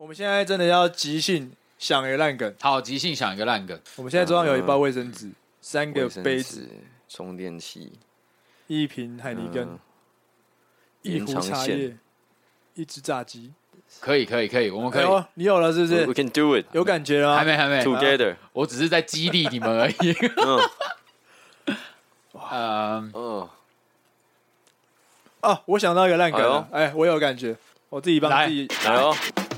我們現在真的要即興想一個爛梗，好，即興想一個爛梗。我們現在桌上有一包衛生紙、嗯，三個杯子，充電器，一瓶海尼根，一壺茶葉，一隻、嗯、炸雞。可以，可以，可以，我們可以，哎、你有了是不是？We can do it，有感覺啦，還沒，還沒，Together。我只是在激勵你們而已。哇，哦，我想到一個爛梗哎，哎，我有感覺，我自己幫自己來哦。哎來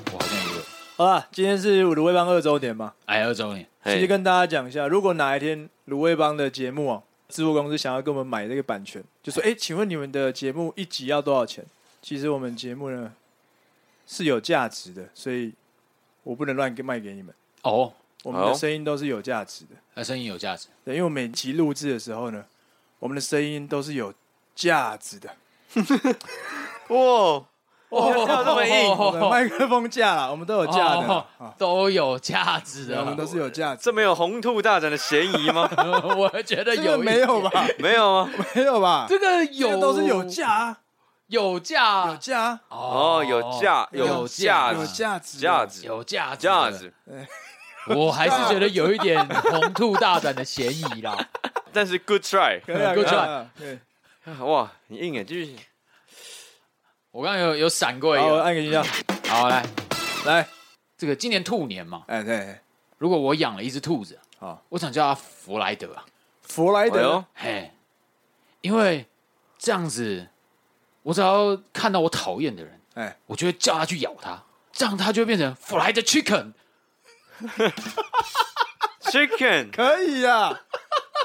好啦，今天是魯味幫二周年嘛。哎，二周年。其實跟大家講一下，如果哪一天魯味幫的節目啊、喔，製作公司想要跟我們買這個版權，就說：“哎、欸，請問你們的節目一集要多少錢？”其實我們節目呢是有價值的，所以我不能亂給賣給你們哦。我們的聲音都是有價值的，那聲音有價值？對，因為我們每集錄製的時候呢，我們的聲音都是有價值的。 哇！哦，這麼硬，麥克風架了，我們都有架，的，都有架子的，我們都是有架子。這沒有紅兔大展的嫌疑嗎？ 我還覺得有， 沒有吧？沒有，沒有吧？這個有、這個、都是有架、啊，有架、啊，有架哦、啊啊 oh,，有架，有價有價值，有價值，有價值，值。有值值欸、 criteria 我還是覺得有一點 紅兔大展的嫌疑啦， 但是 good try，good try，哇 try.、uh, try. yeah, yeah, yeah. wow,，很硬誒，就是。我剛剛有有閃過一個，好，我按個音效、嗯。好，來，來，這個今年兔年嘛，哎對，對，如果我養了一只兔子，好、哦，我想叫他弗萊德、啊，弗萊德，哎、嘿，因為這樣子，我只要看到我討厭的人，哎，我就會叫他去咬他，這樣他就會變成弗萊德 Chicken，哈 Chicken 可以啊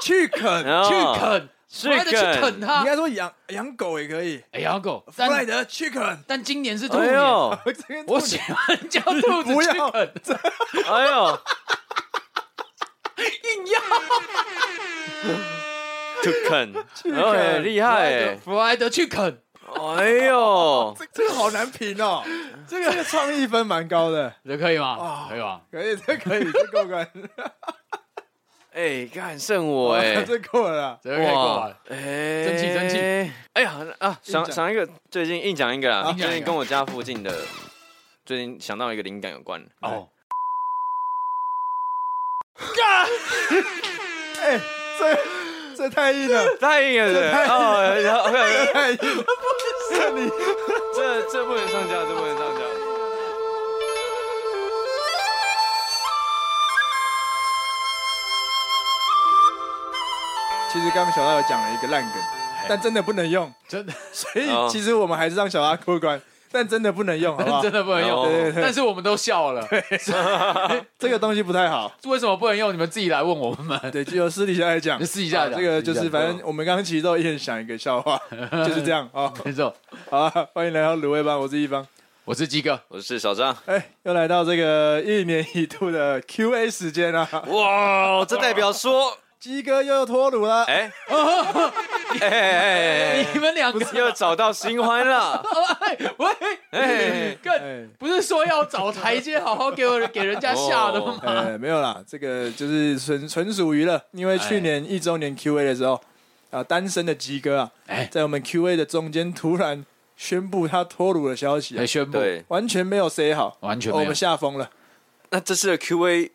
，Chicken，Chicken。Chicken. No. Chicken. 弗萊德去啃它，你應該說養養狗也可以。養狗，弗萊德去啃。但, chicken, 但今年是兔年我、哎、我喜歡叫兔子去 啃肚子笑不要。 哎呦， 硬要，去啃，OK，厲害、欸。弗萊德去啃，哎呦，這這個好難評哦， 這個創意分蠻高的，這可以嗎？啊、哦，可以吧，可以，這可以，這過關。哎、欸，幹，剩我哎、欸，這了過了，哇，哎、欸，爭氣爭氣。哎呀啊，想想一個，最近硬講一個啊，最近跟我家附近的，最近想到一個靈感有關 okay, 哦。啊！哎 、欸，這這太硬了，太硬了，這太硬了。太硬了這這不能上架，這不能。其實剛剛小達有講了一個爛梗，但真的不能用，真的。所以其實我們還是讓小達扣關，但真的不能用，好好，但真的不能用對對對對。但是我們都笑了。 這個東西不太好，為什麼不能用？你們自己來問我們嘛。對，有私底下來講，就私底下來講。私底下講，這個就是，反正我們剛剛起奏一人想一個笑話，就是這樣啊。起、哦、奏，好，歡迎來到魯味幫，我是易方，我是基哥，我是小張。哎，又來到這個一年一度的 Q A 時間了、啊。哇，這代表說。雞哥又要脫魯了！哎、欸哦 欸欸，你們兩個、啊、又找到新歡了？欸、喂、欸欸欸，不是說要找台階，好好給我 給人家下的嗎？呃、欸，沒有啦，這個就是純純屬娛樂。因為去年一周年 Q&A 的時候，欸啊、單身的雞哥啊、欸，在我們 Q&A 的中間突然宣布他脫魯的消息、啊，宣布，完全沒有 say 好，完全、哦、我們嚇瘋了。那這次的 Q&A。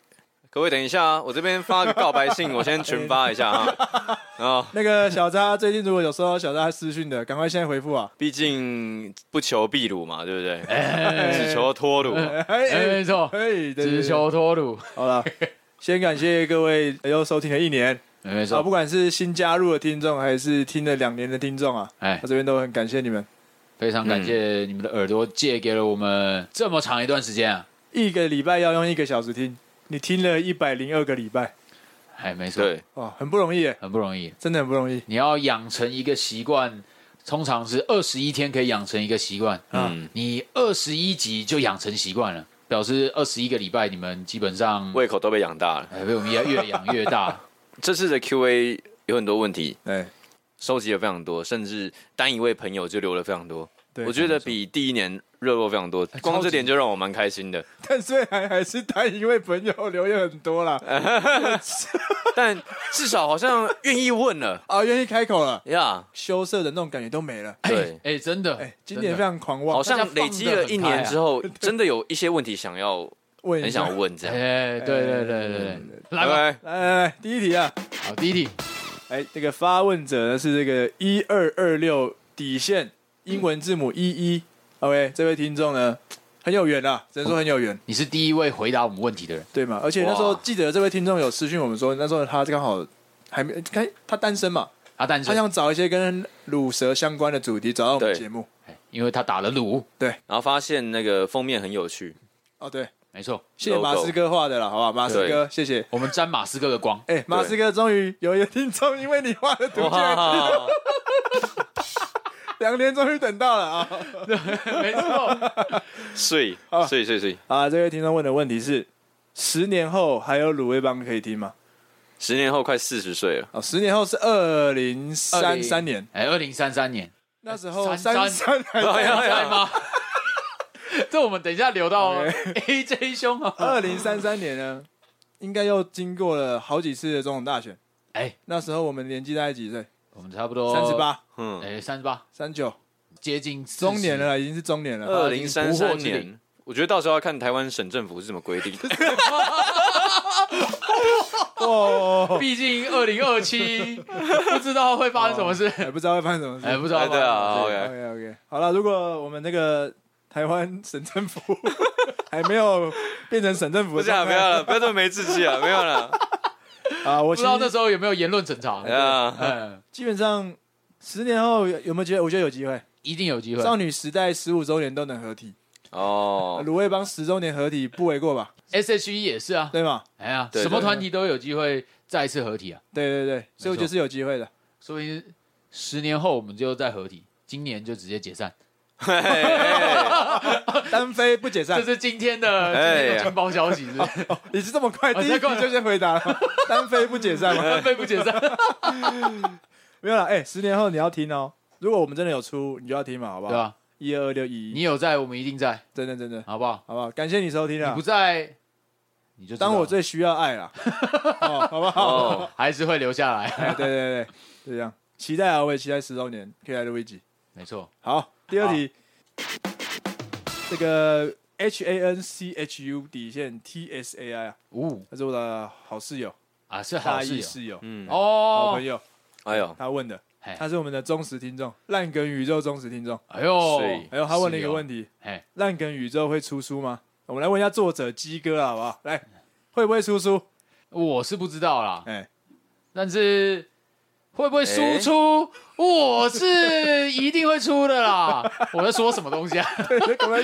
各位等一下啊！我這邊發個告白信， 我先群發一下啊。 哦、那個小扎最近如果有收到小扎私訊的，趕快現在回復啊！畢竟不求避魯嘛，對不對？ 只求脫魯 、欸欸欸欸欸，沒錯、欸，只求脫魯。好了， 先感謝各位又收聽了一年，沒錯，不管是新加入的聽眾還是聽了兩年的聽眾啊，哎、欸，我這邊都很感謝你們，非常感謝你們、嗯嗯、你們的耳朵借給了我們這麼長一段時間啊！一個禮拜要用一個小時聽。你聽了一百零二個禮拜，還、哎、沒錯，對，哦，很不容易，很不容易，真的很不容易。你要養成一個習慣，通常是二十一天可以養成一個習慣、嗯。嗯，你二十一集就養成習慣了，表示二十一個禮拜你們基本上胃口都被養大了，被、哎、我們越養越大。 這次的 Q&A 有很多問題，哎，收集了非常多，甚至單一位朋友就留了非常多。對。我覺得比第一年。嗯熱絡非常多，光這點就讓我蠻開心的。欸、但雖然還是帶一位朋友留言很多啦，欸、呵呵 但至少好像願意問了啊，願、哦、意開口了呀，yeah. 羞澀的那種感覺都沒了。對，哎、欸，真的，哎、欸，今年非常狂妄，好像累積了一年之後，真的有一些問題想要問，很想問這樣。哎、欸，對對對對，對、欸、來來來，來，來，來第一題啊，好，第一題，欸、這個發問者呢是這個一二二六底線英文字母 ee。嗯 OK，這位聽眾呢很有緣啊。只能說很有緣、哦。你是第一位回答我們問題的人，對嗎？而且那時候記得這位聽眾有私訊我們說，那時候他剛好還沒他單身嘛，他單身，他想找一些跟滷蛇相關的主題，找到我們的節目，因為他打了滷，對，然後發現那個封面很有趣。哦，對，沒錯，謝謝馬斯哥畫的了，好不好？馬斯哥，謝謝我們沾馬斯哥的光。哎，馬斯哥終於有一位聽眾因為你畫的圖。哦好好 兩年終於等到了啊 沒錯，水水水水啊！這位聽眾問的問題是：十年後還有魯味幫可以聽嗎？十年後快四十歲了哦。十年後是二零三三年，哎 20...、欸，二零三三年那時候三三老要猜嗎？ 這我們等一下留到 okay, AJ 兄二零三三年呢，應該又經過了好幾次的總統大選。哎、欸，那時候我們年紀大概幾歲？我們差不多三十八，38，嗯，哎、欸，三十八，三九，接近中年了啦，已經是中年了。二零三三年，我覺得到時候要看台灣省政府是怎麼規定的 哦。哦，畢竟二零二七，不知道會發生什麼事、哦欸，不知道會發生什麼事，哎，不知道。對啊，OK OK OK，好了，如果我們那個台灣省政府 還沒有變成省政府，不要了，不要了， 不要這麼沒志氣啊，沒有了。 啊，我不知道那時候有沒有言論審查。Yeah. 基本上，十年後有，有沒有覺得？我覺得有機會，一定有機會。少女時代十五周年都能合體哦，滷味幫十周年合體不為過吧？S.H.E 也是啊，對嗎？哎呀、啊，什麼團體都有機會再一次合體啊！對對對，對對對，所以我覺得是有機會的。所以十年後我們就再合體，今年就直接解散， 單飛不解散。 這是今天的今天的傳包消息是，是？你、 哦哦、是這麼快？啊、第一個就先回答，單飛不解散嗎？單飛不解散。 不用了哎、欸，十年後你要聽哦、喔。如果我們真的有出，你就要聽嘛，好不好？對啊，一二二六一，你有在，我們一定在，真的真的，好不好？好不好？感謝你收聽啊。你不在，你就當我最需要愛了、 哦，好不好？Oh, 還是會留下來。 對，對對對，就這樣。期待啊，我也期待十周年可以來錄一集。沒錯。好，第二題，這個 H A N C H U 底線 T S A I 五五，他、哦、是我的好室友啊，是好室友，室友嗯哦，好朋友。哎呦，他問的，他是我們的忠實聽眾，爛梗宇宙忠實聽眾。哎呦，哎呦，他問了一個問題：哦、爛梗宇宙會出書嗎？我們來問一下作者雞哥好不好？來，嗯、會不會出書？我是不知道啦，但是會不會輸出、欸？我是一定會出的啦。 我在說什麼東西啊？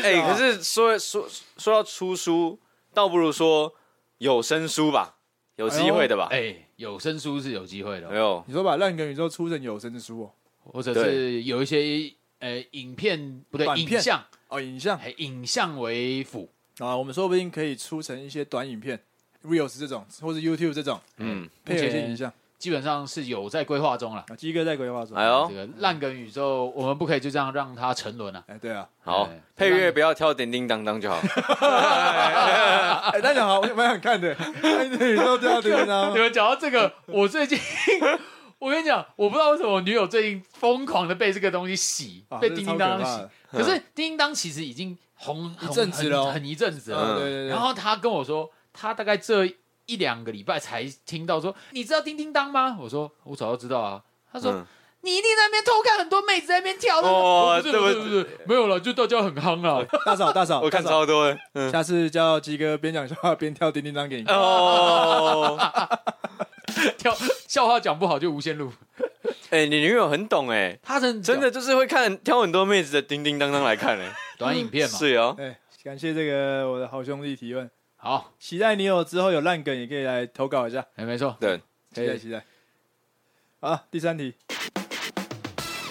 哎、 欸，可是說說說到出書，倒不如說有聲書吧。有機會的吧？哎、有聲書是有機會的。沒、哎、有，你說吧，《爛梗宇宙》出成有聲的書、哦，或者是有一些誒、欸、影片不對，影像哦，影像，影像為輔啊、哦，我們說不定可以出成一些短影片，Reels 這種，或者 YouTube 這種，嗯，配一些影像。基本上是有在規劃中了，基哥在規劃中。哎呦，這個爛梗宇宙，我們不可以就這樣讓它沉淪啊！哎，對啊，好，配樂不要跳叮叮噹噹就好。哎，大家好，我蠻想看的。哎，對，叮叮噹。你們講到這個，我最近，我跟你講，我不知道為什麼我女友最近瘋狂的被這個東西洗，啊，被叮叮噹洗。可是叮噹其實已經紅，嗯，紅一陣子了，嗯，很，很一陣子了。對對對。然後她跟我說，她大概這。一兩個禮拜才聽到說，你知道叮叮當嗎？我說我早就知道啊。他說、嗯、你一定在那邊偷看很多妹子在那邊跳的。哦，不對對對，沒有了，就大家很夯啊。大嫂大嫂， 嫂，我看超多。嗯，下次叫雞哥邊講笑話邊跳叮叮當給你。哦， 跳笑話講不好就無線路。哎、 欸，你女友很懂哎、欸，她真真的就是會看挑很多妹子的叮叮當當來看嘞、欸，短影片嘛。是哦。哎、欸，感謝這個我的好兄弟提問。好，期待你有之後有爛梗也可以來投稿一下。哎、欸，沒錯，對，期待期待。好，第三題。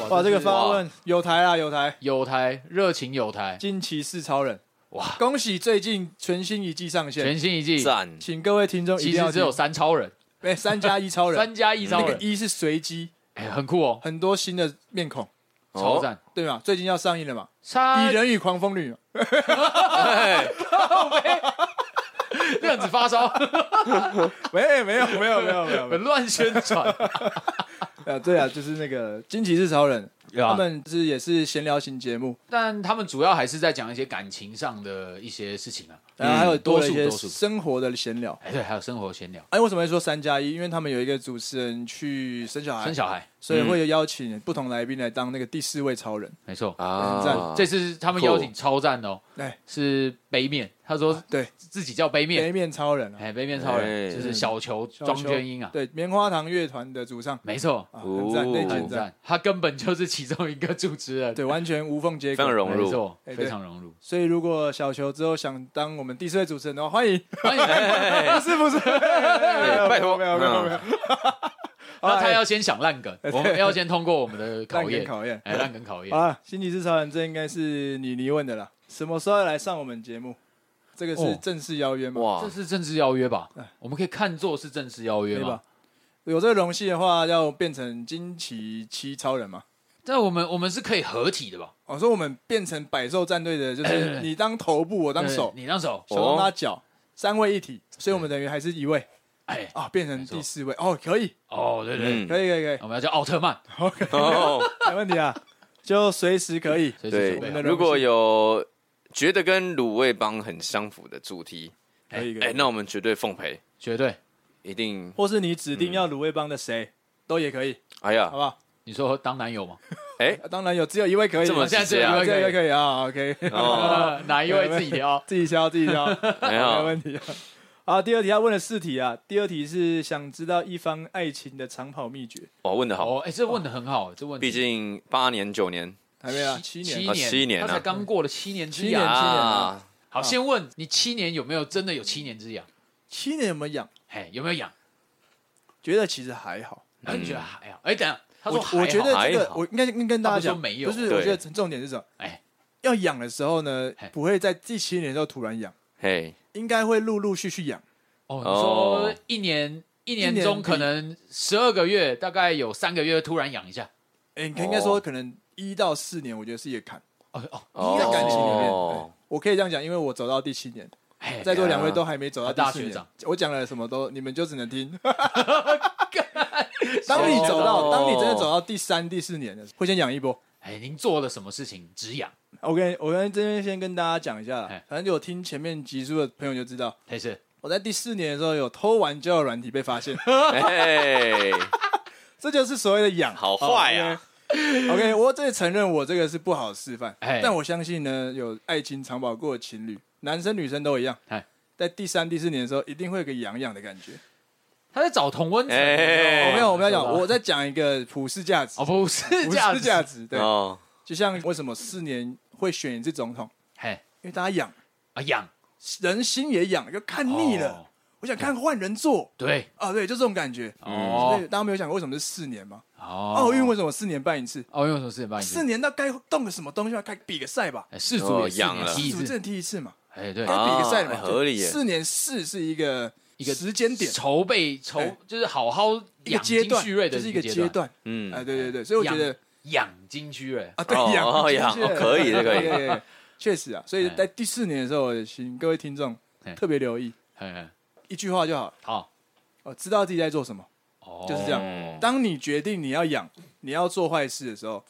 哇，哇這個發問有台啊，有台，有台，熱情有台。驚奇四超人，哇，恭喜最近全新一季上線，全新一季讚，請各位聽眾一定要記得只有三超人， 三加一超人， 三加一超人，那個一是隨機，哎、欸哦欸，很酷哦，很多新的面孔，哦、超讚，對嗎？最近要上映了嘛？超人與狂風女。 欸欸 這樣子發燒？ 沒有沒有沒有沒有沒有，沒有沒有沒有很亂宣傳、 啊、對啊，就是那個《驚奇是超人》啊，他們是也是閒聊型節目，但他們主要還是在講一些感情上的一些事情啊，然、嗯、後還有多一些生活的閒聊、嗯欸，對，還有生活閒聊。哎、欸，為什麼會說三加一？因為他們有一個主持人去生小孩，生小孩。所以會邀請不同來賓來當那個第四位超人，嗯、沒錯，啊這次他們邀請超讚哦，對、欸，是杯麵。他說、啊、對，自己叫杯麵，杯麵超人哎，杯面超人、啊欸、杯面超人欸欸就是小球莊鵑瑛啊，對，棉花糖樂團的主唱，沒錯、啊，很讚、哦，很讚、哦。他根本就是其中一個主持人，對，對完全無縫接軌，融入，非融入、欸，非常融入。所以如果小球之後想當我們第四位主持人的話，歡迎，歡迎， 欸、嘿嘿嘿是不是？嘿嘿嘿嘿拜託，沒有，沒有，沒有。Oh, 那他要先想爛梗、欸，我們要先通過我們的考驗，考驗，哎，爛梗考驗、欸欸、啊！驚奇超人，這應該是你你問的啦。什麼時候要來上我們節目？這個是正式邀約嗎？哦、這是正式邀約吧、欸？我們可以看作是正式邀約對吧？有這個榮幸的話，要變成驚奇七超人嗎？但我們我們是可以合體的吧？哦，所以我們變成百獸戰隊的就是你當頭部，欸、我當手對對對，你當手，手當腳，三位一體，所以我們等於還是一位。欸哎、欸、啊、哦，變成第四位哦，可以哦，對對,對、嗯，可以可以可以，我們要叫奧特曼，OK，、哦、沒問題啊， 就隨時可以，隨時準備、啊。如果有覺得跟滷味幫很相符的主題，哎哎、欸欸，那我們絕對奉陪，絕對一定，或是你指定要滷味幫的誰、嗯，都也可以。哎呀，好不好？你說當男友嗎？哎， 當然有，只有一位可以，怎麼這樣子啊？這可以啊、哦、，OK，、哦、 哪一位自己挑， 自己挑，自己挑， 沒有問題、啊。好，第二題他問了四題啊。第二題是想知道一方愛情的長跑秘訣。哦，問的好。哦，哎、欸，這問得很好，哦，這問題。畢竟八年九年還沒有七年，七年他才剛過了七年之癢啊。好，啊、先問你七年有沒有真的有七年之癢、啊啊。七年有沒有癢，哎，有沒有癢？覺得其實還好。你覺得還好？哎，等下他說我覺得這個，還好我應該跟跟大家講，說沒有。不是，我覺得重點是什麼？要癢的時候呢，不會在第七年的時候突然癢。嘿。應該會陸陸續續養哦。Oh, 說是是一年一年中可能十二個月，大概有三個月突然養一下。哎，應該說可能一到四年，我覺得是一個坎哦哦哦，一、oh, 個、oh, oh, 感情裡面、oh.，我可以這樣講，因為我走到第七年，在座兩位都還沒走到大學長。God. 我講了什麼都，你們就只能聽。 當你走到，當你真的走到第三、第四年，會先養一波。哎、欸，您做了什麼事情止癢？Okay, 我跟我跟這邊先跟大家講一下。反正就有聽前面集數的朋友就知道，沒事。我在第四年的時候有偷玩交友軟體被發現，嘿嘿嘿嘿 這就是所謂的癢，好壞啊、oh,！OK，我最承認我這個是不好示範，但我相信呢，有愛情長跑過的情侶，男生女生都一樣，在第三、第四年的時候，一定會有個癢癢的感覺。他在找同溫層。我、欸、沒，沒，沒，沒，沒，沒，沒，沒有，我不要講。我在講一個普世價值。哦，普世價值。普世價值對、哦。就像為什麼四年會選一次總統？嘿，因為大家癢。啊癢。人心也養就看膩了、哦。我想看換人做。對。啊、哦、對，就這種感覺、嗯。哦。大家沒有想過為什麼是四年嗎？奧、哦哦、運為什麼四年辦一次？奧、哦、運為什麼四年辦一次？四年那該動個什麼東西？要開比個賽吧。四組足也一樣啊。世、哦、足只能踢一次嘛。哎對。該比個賽嘛，合理。四年四是一個。一個時間點籌備籌、欸、就是好好養精蓄銳的一個階段、就是、段，嗯，哎、嗯、欸，對對對，所以我覺得養精蓄銳啊，對，養、哦哦啊哦、可以可以，確 實啊，所以在第四年的時候，我請各位聽眾特別留意嘿嘿，一句話就好，好，我知道自己在做什麼，哦、就是這樣。當你決定你要養，你要做壞事的時候，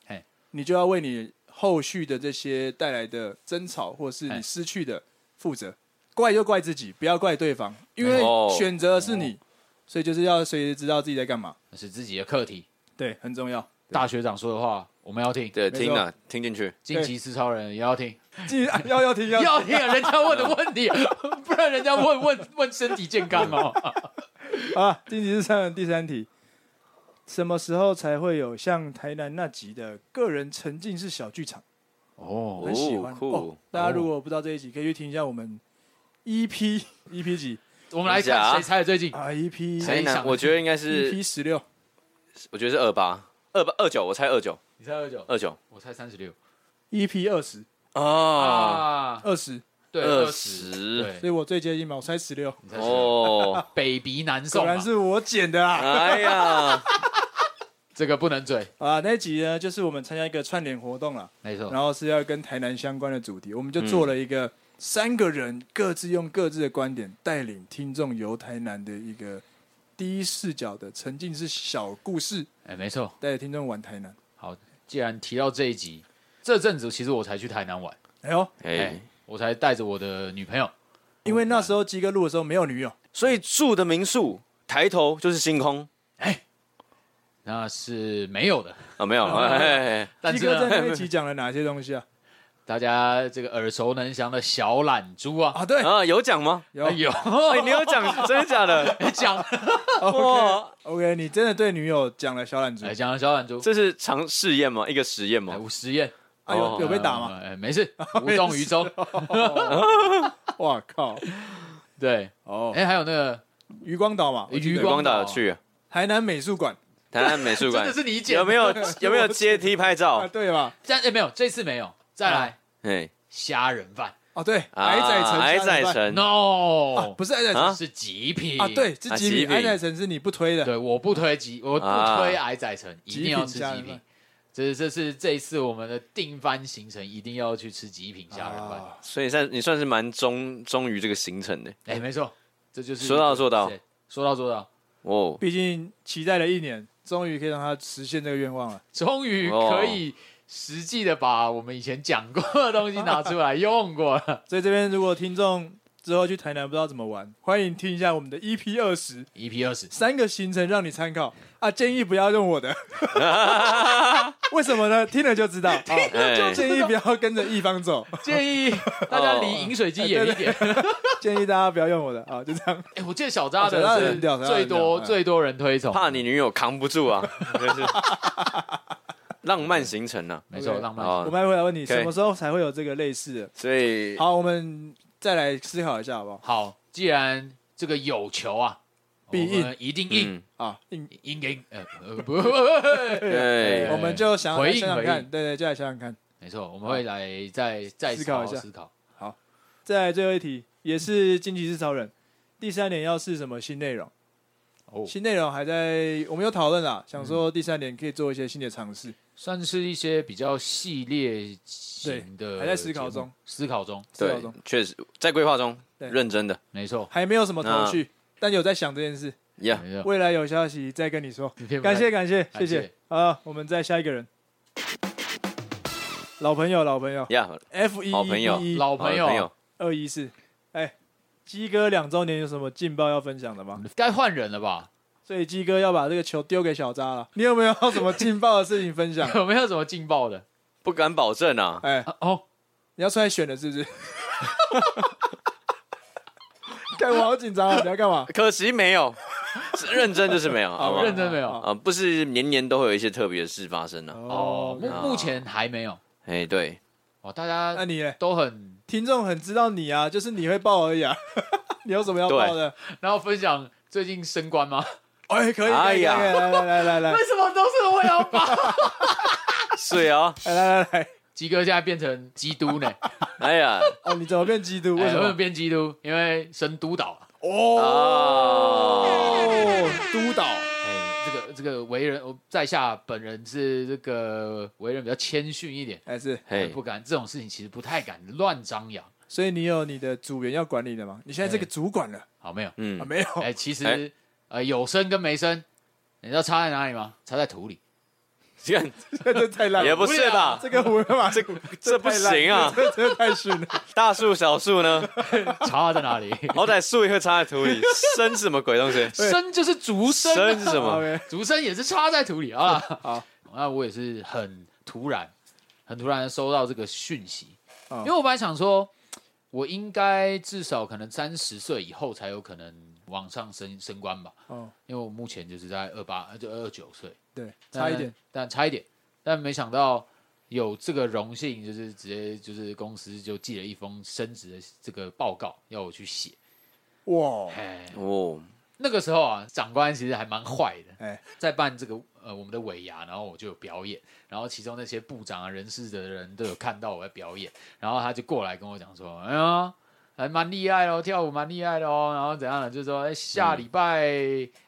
你就要為你後續的這些帶來的爭吵或是你失去的負責。怪就怪自己，不要怪對方，因為選擇是你，哦哦，所以就是要隨時知道自己在幹嘛，是自己的課題，對，很重要。大學長說的話我們要聽，對，聽啊，聽進去。晉級是超人也要聽，晉級要要聽，要聽， 要聽啊，人家問的問題， 不然人家問問問身體健康哦。啊， 晉級是超人第三題，什麼時候才會有像台南那集的個人沉浸式小劇場？哦，很喜歡哦，cool，哦。大家如果不知道這一集，可以去聽一下我們。EP EP 幾？我們來看誰猜的最近啊！EP 誰想？我覺得應該是 EP 十六。我覺得是二八二八二九，我猜二九。你猜二九？二九，我猜三十六。EP 二十啊！二十、啊、對、二十，所以我最接近嘛，我猜十六。你猜十六。哦，北鼻難受，果然是我剪的啊！哎呀， 這個不能嘴啊！那集呢，就是我們參加一個串聯活動了，沒錯。然後是要跟台南相關的主題，我們就做了一個、嗯。三個人各自用各自的觀點帶領聽眾遊台南的一個第一視角的沉浸式小故事。哎、欸，沒錯，帶着聽眾玩台南。好，既然提到這一集，這陣子其實我才去台南玩。哎呦，哎、欸欸，我才帶着我的女朋友，因為那時候基哥錄的時候沒有女友，所以住的民宿抬頭就是星空。哎、欸，那是沒有的啊、哦，沒有。基、 哦、沒 哥在這一集講了哪些東西啊？大家這個耳熟能詳的小懶豬啊，啊，對啊，有講嗎？有、欸、有 、欸、你有講，真的假的講哦 O K 你真的對女友講了小懶豬，講了小懶豬，這是長試驗嗎？一個實驗嗎？實驗哎呦，有被打嗎？哎、呃欸、沒事、啊、沒事無動於衷、啊、 哇靠對哦，哎、欸、還有那個漁光島嘛，漁光島，有去台南美術館，台南美術館 真是你有沒有 有沒有階梯拍照、啊、對吧，這樣。哎，沒有，這次沒有再來。啊哎、hey，蝦仁飯哦，oh，對、啊，矮仔成，矮仔成，no，、啊、不是矮仔成，啊、是極品啊，對，是極品，、啊、品，矮仔成是你不推的，對，我不推極，我不推矮仔成，啊、一定要吃極品，極品這是這是這一次我們的定番行程，一定要去吃極品蝦仁飯，所以算你算是蠻忠忠於這個行程的，哎、欸，沒錯，這就是說到做到，說到做到，說到，說到哦，畢竟期待了一年，終於可以讓他實現這個願望了，終於可以、哦。實際的把我們以前講過的東西拿出來用過了， 所以這邊如果聽眾之後去台南不知道怎麼玩，歡迎聽一下我們的 EP 二十，EP 二十三個行程讓你參考啊，建議不要用我的， 為什麼呢？聽了就知道， 就建議不要跟着一方走， 建議大家離飲水機遠一點， 建議大家不要用我的啊，就這樣。哎、欸，我見小渣的，是、哦、小渣的，小渣的最多最多人推崇，怕你女友扛不住啊。 也是 Okay, 浪漫行程呢、啊？Okay, 沒錯，浪漫。Oh, 我們還會來問你，Okay. 什麼時候才會有這個類似的？所以好，我們再來思考一下，好不好？好，既然這個有求啊，必應，我們一定應啊，應應應呃，不、 欸，我們就想回想想看，對，對對，就來想想看，沒錯，我們會來再再考思考一下，思考。好，再來最後一題，嗯、也是《經濟是超人》第三點要是什麼新內容？Oh. 新內容還在我們有討論啊，想說第三年可以做一些新的嘗試，嗯，算是一些比較系列型的，還在思考中，思考中，思考中，確實在規劃中，對，認真的，沒錯，還沒有什麼頭緒，但有在想這件事，呀、yeah.，未來有消息再跟你說， 感謝、感謝、謝、謝，感謝謝謝，啊，我們再下一個人， 老朋友、老朋友，呀、yeah.，F 一，老朋友、老朋友，二一四，哎、欸。雞哥兩周年有什麼勁爆要分享的嗎？你該換人了吧？所以雞哥要把這個球丟給小渣了。你有沒有什麼勁爆的事情分享？ 有沒有什麼勁爆的，不敢保證啊。哎、欸啊、哦，你要出來選的是不是？對 我好緊張啊。你要幹嘛？可惜沒有，認真就是沒有。啊、 哦，認真沒有。啊、哦，不是年年都會有一些特別的事發生的、啊。哦，目前還沒有。哎，對，哇、哦，大家，那你呢？都很。聽眾很知道你啊，就是你會報而已啊。 你有什麼要報的？然後分享最近升官嗎？哎、欸，可以，哎呀，來來來來 為什麼都是我要報？是 啊、 哦欸，來來來，雞哥現在變成基督呢？哎呀，哦，你怎麼變基督？為什麼,、哎、為什麼變基督？因為升督導哦，oh、yeah, yeah, yeah, yeah, yeah, yeah, yeah. 督導。這個為人，我在下本人是這個為人比較謙遜一點，但，哎、是不敢這種事情，其實不太敢亂張揚。所以你有你的組員要管理的嗎？你現在這個主管了，好沒有？嗯，沒有。哎，其實呃有升跟沒升，你知道差在哪裡嗎？差在土裡。這這太爛了，也不是吧？這個烏龜馬，這這不行啊！ 這真的太遜了。大樹小樹呢？插在哪裡？好歹樹也會插在土裡。生是什麼鬼東西？生就是竹生。生是什麼？竹生也是插在土裡啊 好。好，那我也是很突然，很突然收到這個訊息，因為我本來想說，我應該至少可能三十歲以後才有可能。往上升升官吧，oh. 因為我目前就是在二八，就二十九歲，對，差一點，但差一點，但沒想到有這個榮幸，就是直接就是公司就寄了一封升職的這個報告要我去寫，哇、wow.，哦、wow.，那個時候啊，長官其實還蠻壞的，哎，在辦這個呃我們的尾牙，然後我就有表演，然後其中那些部長啊、人事的人都有看到我的表演，然後他就過來跟我講說，哎、嗯、呀、啊。還蠻厲害的哦，跳舞蠻厲害的哦，然後怎樣呢？就是說，哎、欸，下禮拜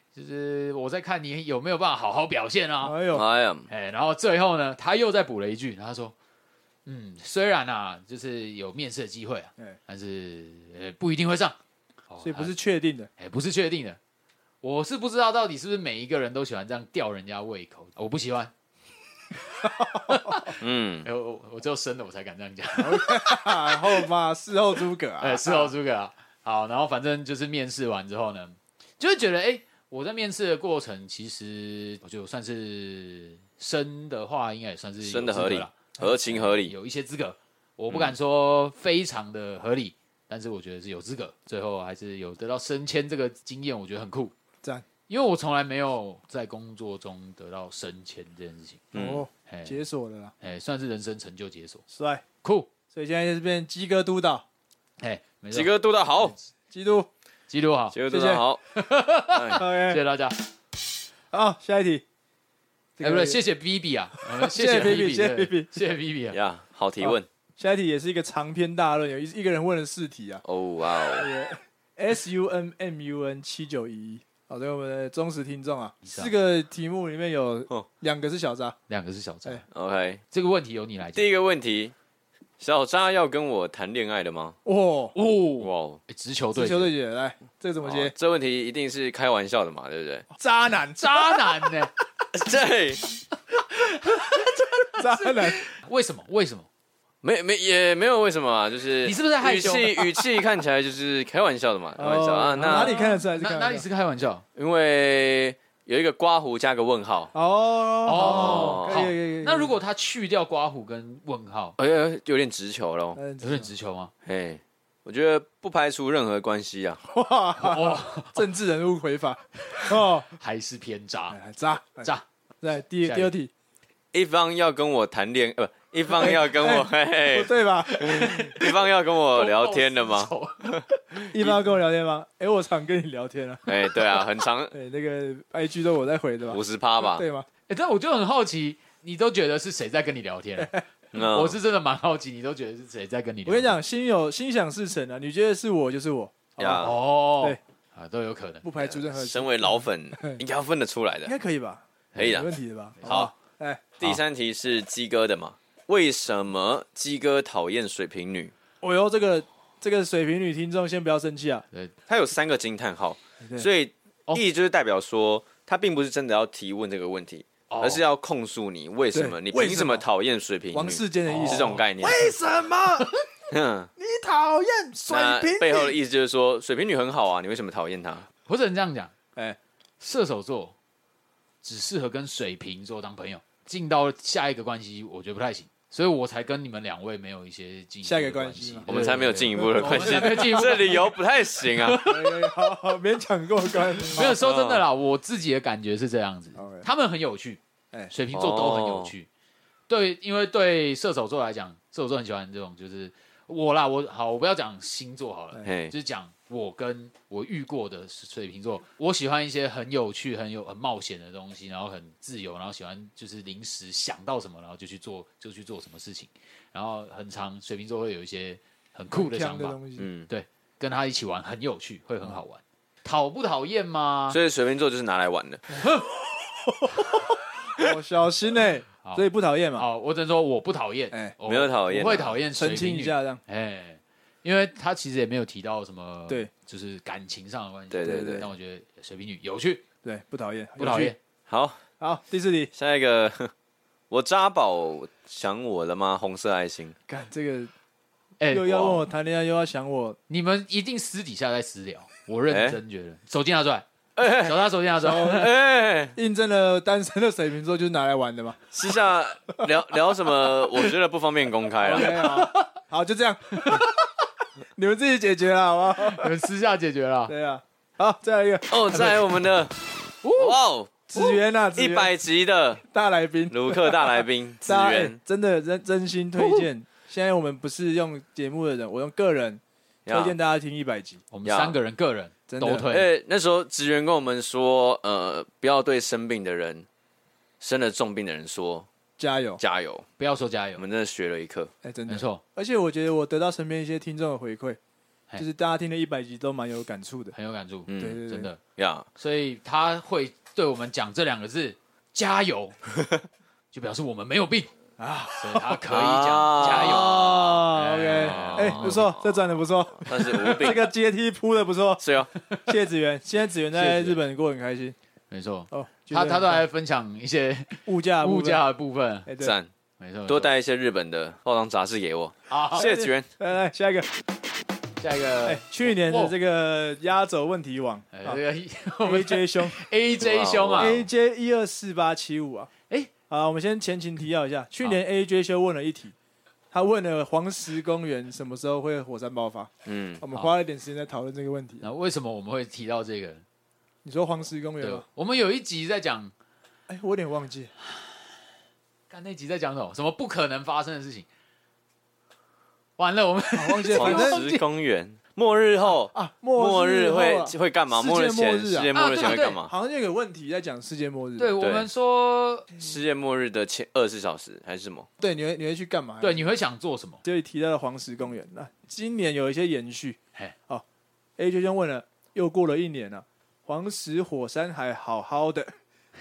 就是我在看你有沒有辦法好好表現啊。哎呦，哎，然後最後呢，他又再補了一句，他說：“嗯，雖然啊，就是有面試的機會啊，哎、但是、欸、不一定會上，所以不是確定的。哎、哦欸，不是確定的，我是不知道到底是不是每一個人都喜歡這樣吊人家胃口，我不喜歡。” 嗯，欸、我我只有升了我才敢這樣講。然後嘛，事後諸葛啊，哎、欸，事後諸葛啊。好，然後反正就是面試完之後呢，就會覺得，哎、欸，我在面試的過程，其實我就算是升的話，應該也算是升的合理了，合情合理，有一些資格。我不敢說非常的合理，嗯、但是我覺得是有資格。最後還是有得到升遷這個經驗，我覺得很酷，因為我從來沒有在工作中得到升遷這件事情哦、嗯欸，解鎖啦，哎、欸，算是人生成就解鎖，帥酷，所以現在就是變雞哥督導，哎、欸，雞哥督導好，基督，基督好，謝謝督導好，謝謝。 okay. 謝謝大家。好，下一題，哎、欸，這個欸、不謝謝、啊。 欸、謝謝 BB, 對，謝謝 B B 啊，謝謝 B B，謝謝 B B，謝謝 B B 啊，呀、yeah，好提問、哦，下一題也是一個長篇大論，有一一個人問了四題啊，哦、oh, 哇、wow. yeah, ，S U N M U N 七九一一。好的，我們的忠實聽眾啊，四個題目裡面有哦，兩個是小渣，兩個是小渣。OK，這個問題由你來第一個問題，小渣要跟我談戀愛的嗎？哦哦哇、欸，直球對決，直球對決來，這個怎麼接？這問題一定是開玩笑的嘛，對不對？渣男，渣男呢、欸？ 對 ，渣男，為什麼？為什麼？沒沒也沒有為什麼啊？就是你是不是害羞啊？語氣語氣看起來就是開玩笑的嘛，開玩笑啊。Oh, 那哪裡看得出？哪裡是開玩笑？因為有一個刮胡加個問號。哦、oh, 哦、oh, okay, okay, okay, 那如果他去掉刮胡跟問號，有點直球嘍。有點直球嗎？哎，我覺得不排除任何關係啊。哇 政治人物回法哦， 還是偏渣渣渣。來，第一第二題，一方要跟我談戀愛一方要跟我，欸欸欸欸、對吧？ 一方要跟我聊天的嗎？ 一方要跟我聊天嗎？哎、欸，我常跟你聊天啊。哎、 欸，對啊，很常、欸，那個 IG 都我在回的吧。五十趴吧，對嗎？哎、欸，但我就很好奇，你都覺得是誰在跟你聊天、啊？Oh. 我是真的蠻好奇，你都覺得是誰在跟你？聊天、啊？我、oh. 跟你講，心有心想事成啊，你覺得是我就是我，呀、yeah. 哦，oh. 對啊，都有可能，不排除任何。身為老粉， 應該要分得出來的，應該可以吧？可以啊。沒問題的吧？ 好吧，好，哎、欸，第三題是雞哥的嘛？為什麼雞哥討厭水瓶女？哦呦，這個這個水瓶女聽眾先不要生氣啊對，他有三個驚嘆號，所以、哦、意義就是代表說，他並不是真的要提問這個問題，哦、而是要控訴你為什麼你為什麼討厭水瓶女？王世堅的意思是這種概念，為什麼？ 你討厭水瓶女？背後的意思就是說，水瓶女很好啊，你為什麼討厭她？我只能這樣講，哎、欸，射手座只適合跟水瓶座當朋友。進到下一個關係，我覺得不太行，所以我才跟你們兩位沒有一些進一步的關係。下一個關係，對對對，我們才沒有進一步的關係，對對對。這理由不太行啊，勉 強過關。 沒有說真的啦， 我自己的感覺是這樣子，okay. 他們很有趣，okay. 水瓶座都很有趣，oh. 對，因為對射手座來講，射手座很喜歡這種，就是我啦，我好，我不要講星座好了，hey. 就是講。我跟我遇過的水瓶座，我喜歡一些很有趣、很有、很冒險的東西，然後很自由，然後喜歡就是臨時想到什麼，然後就去做，就去做什麼事情。然後很常，水瓶座會有一些很酷的想法，嗯，對嗯，跟他一起玩很有趣，會很好玩，嗯。討不討厭嗎？所以水瓶座就是拿來玩的。我小心呢，所以不討厭嘛。好，我只能說我不討厭，哎、欸，沒有討厭，不會討厭。水瓶女，澄清一下這樣，哎。因為他其實也沒有提到什麼，對，就是感情上的關係，對對對，對。但我覺得水瓶女有趣，對，不討厭，不討厭。好，好，第四題，下一個，我渣寶想我了嗎？紅色愛心，幹這個，欸、又要問我談戀愛，又要想我，你們一定私底下在私聊。我認真覺得，欸、手機拿出來，欸、小進他，手機拿出來，印、欸、證、嗯嗯欸、了單身的水瓶座就是拿來玩的嘛。私下聊 聊什麼，我覺得不方便公開了。Okay, 好，好，就這樣。 你們自己解決了好不好？ 你們私下解決了。 對啊，好，再來一個哦，oh, 再來我們的，哇 哦，子淵吶，一百集的大來賓，盧克大來賓，子 淵大家、 欸、真的真真心推薦。 現在我們不是用節目的人， 我用個人推薦大家聽一百集。Yeah. 我們三個人個人、yeah. 都推。哎、欸，那時候子淵跟我們說，呃，不要對生病的人，生了重病的人說。加油！加油！不要說加油，我們真的學了一課。哎、欸，真的沒錯。而且我覺得我得到身邊一些聽眾的回饋，就是大家聽了一百集都蠻有感觸的，很、就是、有感觸、嗯。對,對,對真的呀。Yeah. 所以他會對我們講這兩個字“加油”， 就表示我們沒有病啊。所以他可以講“加油”啊啊。OK，哎、啊欸啊，不錯、啊，這轉的不錯。但是無病，這 個階梯鋪的不錯。是啊， 謝謝子源。現在子源在日本過得很開心。沒錯。哦、喔。他他都還分享一些物價物價的部分，讚、欸，沒錯，多帶一些日本的包裝雜志給我好。好，謝謝子淵。來來，下一個，下一個。哎、欸，去年的這個壓軸問題網，這個 AJ 兄，AJ 兄啊，AJ 124875啊。哎、欸，好，我們先前情提要一下，去年 AJ 兄問了一題，他問了黃石公園什麼時候會火山爆發。嗯，我們花了一點時間在討論這個問題。那為什麼我們會提到這個？你說黃石公園嗎？我們有一集在講，哎、欸，我有點忘記，剛那集在講什麼？什麼不可能發生的事情？完了，我們、啊、忘記了。黃石公園，末日後啊，啊末後啊，末日會會幹嘛？末日世界末日、啊、末日前會幹嘛？好像有個問題在講世界末日、啊啊。對、啊、對、對、對、日對我們說、嗯，世界末日的前二十小時還是什麼？對，你會你會去幹嘛、啊？對，你會想做什麼？這裡提到了黃石公園。那今年有一些延續。哎，哦，A 就先問了，又過了一年了。黃石火山還好好的，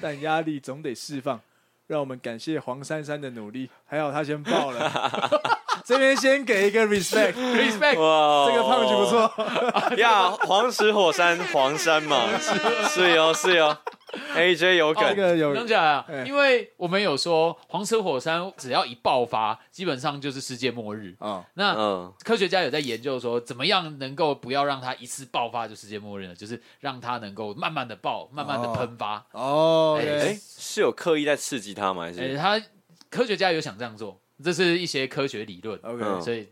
但壓力總得釋放。讓我們感謝黃珊珊的努力，還好她先爆了。 這邊先給一個 respect，respect，哇 這個胖子不錯呀。 yeah, 黃石火山， 黃山嘛， 是哦是哦，哦 A J 有梗，真、oh, 假、欸、因為我們有說，黃石火山只要一爆發，基本上就是世界末日啊、哦。那、嗯、科學家有在研究說，怎麼樣能夠不要讓它一次爆發就世界末日呢？就是讓它能夠慢慢的爆，慢慢的噴發。哦，哎、欸 okay.，是有刻意在刺激它嗎？還是、欸、他科學家有想這樣做？這是一些科學理論。OK，所以、嗯、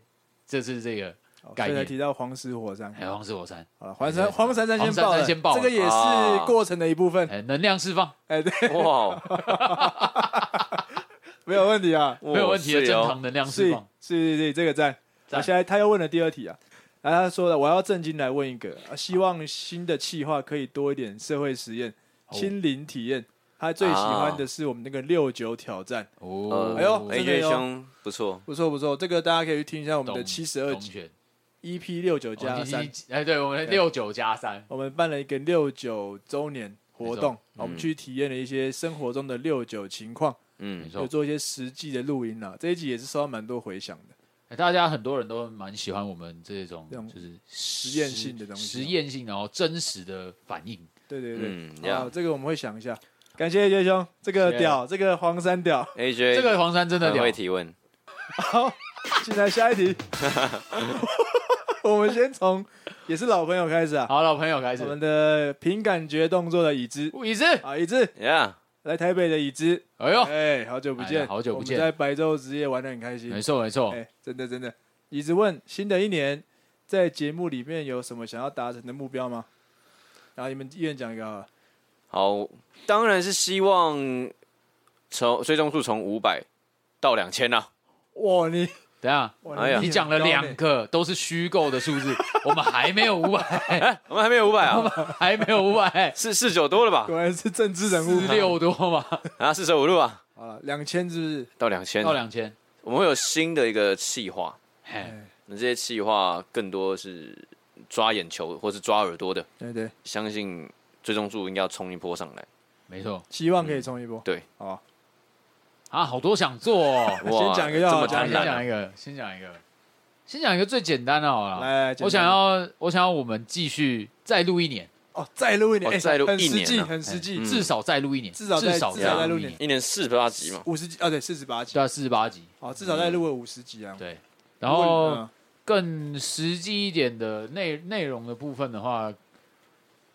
這是這個。剛才提到黃石火山，哎，黃石火山，好，了，黃山，黃山山先爆，山山先爆，這個也是過程的一部分，啊欸、能量釋放，哎、欸，對哇、 啊，哇，沒有問題啊，沒有問題的哦，能量釋放，是是是，這個讚。我現在他又問了第二題啊，然、啊、後他說了，我要正經來問一個，啊、希望新的企劃可以多一點社會實驗、親、哦、臨體驗。他最喜歡的是我們那個六九挑戰，哦，哎、呃、呦，哎呦，不錯、哦，不錯，不錯，這個大家可以去聽一下我們的七十二集。EP 六九加3，哎、oh，對我們六九加三，我們辦了一個六九週年活動，我們去體驗了一些生活中的六九情況，嗯，沒錯，做一些實際的錄音啊、嗯，這一集也是收到蠻多回響的，哎、欸，大家很多人都蠻喜歡我們這種就是實驗性的東西、喔，實驗性然後真實的反應，對對對、嗯，嗯 yeah. 好，這個我們會想一下，感謝 AJ 兄，這個 yeah. 這個屌，這個黃山屌，AJ，這個黃山真的屌，會提問，好、哦，進來下一題。 我們先從也是老朋友開始啊，好，老朋友開始，我們的憑感覺動作的椅子，椅子，啊，椅子 y、yeah. 來台北的椅子，哎呦，哎呦，好久不見、哎，好久不見，我們在白晝之夜玩得很開心，沒錯沒錯，哎，真的真的，椅子問，新的一年在節目裡面有什麼想要達成的目標嗎？然後你們一人講一個好了，好，當然是希望從追蹤數從五百到兩千啊。哇你。等下，你講了兩個都是虛構的數字，哈哈我們還沒有五百、欸，我們還沒有五百啊，還沒有五百，四四九多了吧？果然是政治人物、啊，四六多吧？啊，四捨五入啊，啊，兩千是，是？到兩千到兩千，我們會有新的一個企劃，那這些企劃更多是抓眼球或是抓耳朵的，對對，對，相信最終數應該要衝一波上來，沒、嗯、錯，希望可以衝一波、嗯，對，好、啊。啊，好多想做，哦，我先講一個要怎麼講、啊，先講一個，先講一個，先講一個最簡單的好了。來來來，我想要，我想要，我們繼續再錄一年哦，再錄一年，欸、再錄一年，很實際、欸，很實際、嗯，至少再錄一年，至少再錄一,一年，一年四十八集嘛，五十集啊，對，四十八集，對、啊，四十八集，好，至少再錄個五十集啊、嗯。對，然後更實際一點的內內容的部分的話，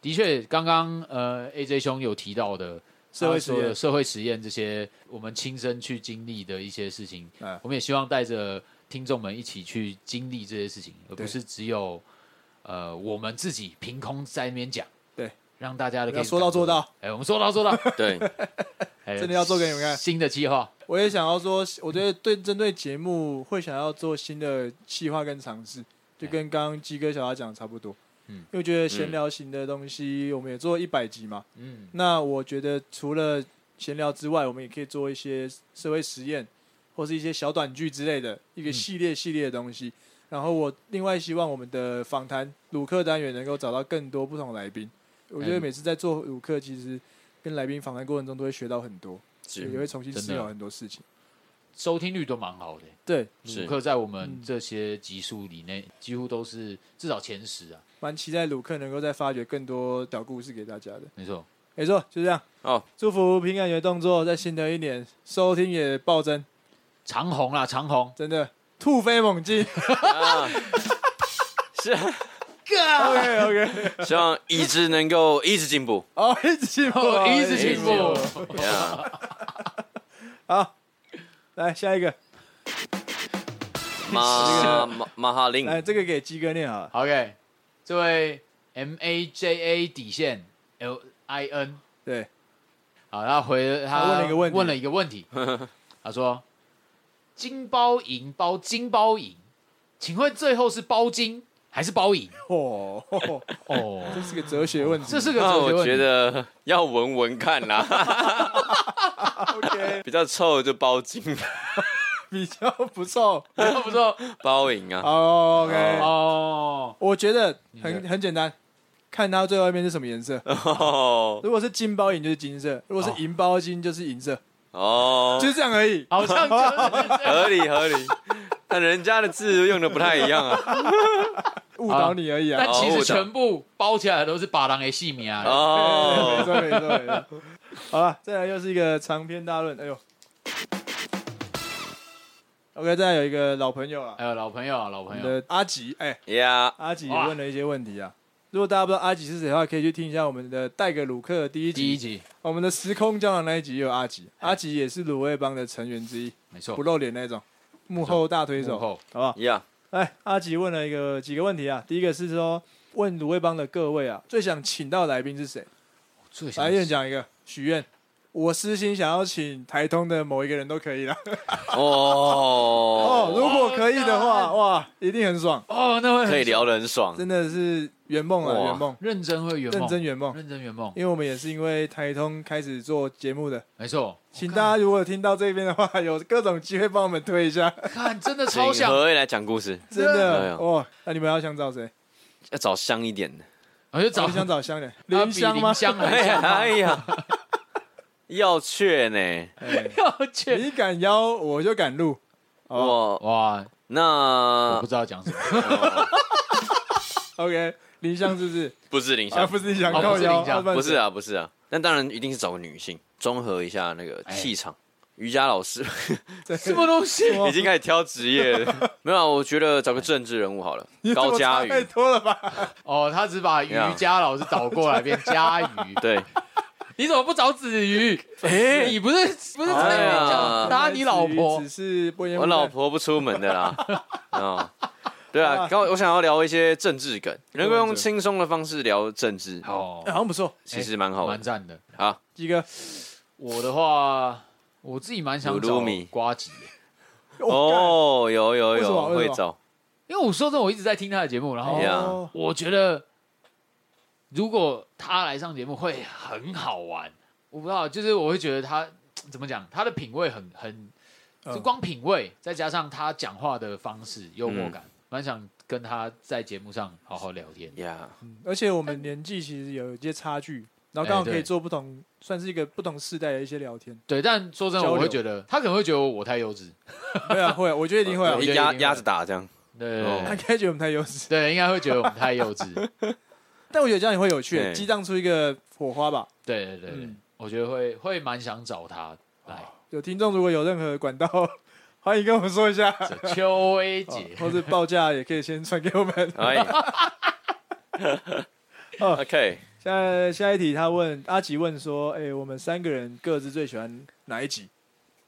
的確，剛剛呃，AJ 兄有提到的。社會實驗，社會實驗這些，我們親身去經歷的一些事情、嗯，我們也希望帶着聽眾們一起去經歷這些事情，而不是只有呃我們自己憑空在那邊講。對，讓大家的說到做到。哎，我們說到做到。對， 誒 真的要做給你們看。新的計劃，我也想要說，我覺得對針對節目會想要做新的計劃跟嘗試，嗯、就跟剛剛雞哥小達講的差不多。因為我覺得閒聊型的東西、嗯，我們也做了一百集嘛。嗯，那我覺得除了閒聊之外，我們也可以做一些社會實驗，或是一些小短劇之類的一個系列系列的東西、嗯。然後我另外希望我們的訪談魯客單元能夠找到更多不同來賓。我覺得每次在做魯客其實跟來賓訪談過程中都會學到很多，也會重新思考很多事情。啊、收聽率都蠻好的，對，魯客，在我們這些集數裡面、嗯、幾乎都是至少前十啊。蠻期待魯克能夠再發掘更多小故事給大家的。沒錯，沒錯，就這樣哦。Oh、祝福憑感覺動作在新的一年收聽也暴增，長紅啊，長紅，真的突飛猛進。Yeah. 是、God.，OK OK。希望能夠一直能夠、oh, 一直進步，哦、oh,，一直進步，oh, 一直進步。Yeah. 好，來下一個馬馬哈林，ma, ma, 來這個給雞哥念啊，OK。這位 M A J A 底線 L I N 對，好，他回他問了一個問問了一個問題，問問題 他說金包銀包金包銀，請問最後是包金還是包銀？哦、喔、哦、喔喔，這是個哲學問題，這是個哲學問題，啊、我覺得要聞聞看啦 OK，比較臭的就包金。 比較不錯，不錯，包銀啊。Oh, OK，哦、oh.，我覺得很很簡單，看他最後一面是什麼顏色。Oh. 如果是金包銀，就是金色；如果是銀包金，就是銀色。哦、oh.，就是這樣而已，oh. 好像就是這樣合理合理。 但人家的字用的不太一樣啊，誤、oh. 導你而已、啊。但其實全部包起來都是把郎的細米啊。哦、oh.，對對。沒錯沒錯沒錯 好了，再來又是一個長篇大論。哎呦。OK，再來有一個老朋友啊，還有老朋友啊，老朋友的阿吉哎呀、欸 yeah. 阿吉也問了一些問題啊。如果大家不知道阿吉是誰的話，可以去聽一下我們的《帶個魯克》第一集，第一集我們的時空膠囊那一集有阿吉，阿吉也是魯味幫的成員之一，沒錯，不露臉那種幕後大推手，後好不好 yeah 哎，阿吉問了一個幾個問題啊，第一個是說，問魯味幫的各位啊，最想請到來賓是誰？來一人講一個許願。我私心想要請台通的某一個人都可以啦哦哦 哦，如果可以的話，哇，哇一定很爽哦，那會可以聊得很爽，真的是圓夢啊，圓夢，認真會圓夢，認真圓夢，認真圓夢，因為我們也是因為台通開始做節目的，沒錯，請大家如果聽到這邊的話，有各種機會幫我們推一下。看、哦， 真的超想何謂來講故事，真的哇，那有有、啊、你們要想找誰？要找香一點的，我、啊、就找香、啊、找香的林香嗎？香很哎呀。 要勸呢、欸，要勸你敢邀我就敢錄。哇哇，那我不知道講什麼。 OK，林湘是不是，不是林湘。不是林湘、啊啊哦啊啊。不是啊，不是啊。但當然一定是找個女性，綜合一下那個氣場、欸，瑜伽老師。 什麼東西？已經開始挑職業了 沒有、啊？我覺得找個政治人物好了。高嘉瑜，太多了吧？哦，他只把瑜伽老師找過來變嘉瑜、嗯、對。 你怎麼不找子瑜？哎、欸，你不是不是蔡明叫拉你老婆不不？我老婆不出門的啦啊！ uh, 對啊，剛、uh, 我想要聊一些政治梗。能夠用輕鬆的方式聊政治，好，欸、好像不錯，其實蠻好的，蠻、欸、讚的。好、啊，基哥，我的話，我自己蠻想找呱吉的，哦， oh, oh, 有有有，為什麼，為什麼會找？因為我說真，我一直在聽他的節目，然後對、啊、我覺得。如果他來上節目會很好玩，我不知道，就是我會覺得他怎麼講，他的品味很很，就、嗯、光品味，再加上他講話的方式幽默感，蠻、嗯、想跟他在節目上好好聊天。嗯 yeah. 而且我們年紀其實有一些差距，然後剛好可以做不同、欸，算是一個不同世代的一些聊天。對，但說真的，我會覺得他可能會覺得我太幼稚，對啊，會，我覺得一定會、啊，壓壓着打這樣，對，oh. 他應該覺得我們太幼稚，對，應該會覺得我們太幼稚。 但我覺得這樣也會有趣，激盪出一個火花吧。對對對，嗯、我覺得會會蠻想找他來。有聽眾如果有任何管道，歡迎跟我們說一下。邱威杰， 或者報價也可以先傳給我們。 OK，下 下一題，他問阿吉問說，哎、欸，我們三個人各自最喜歡哪一集？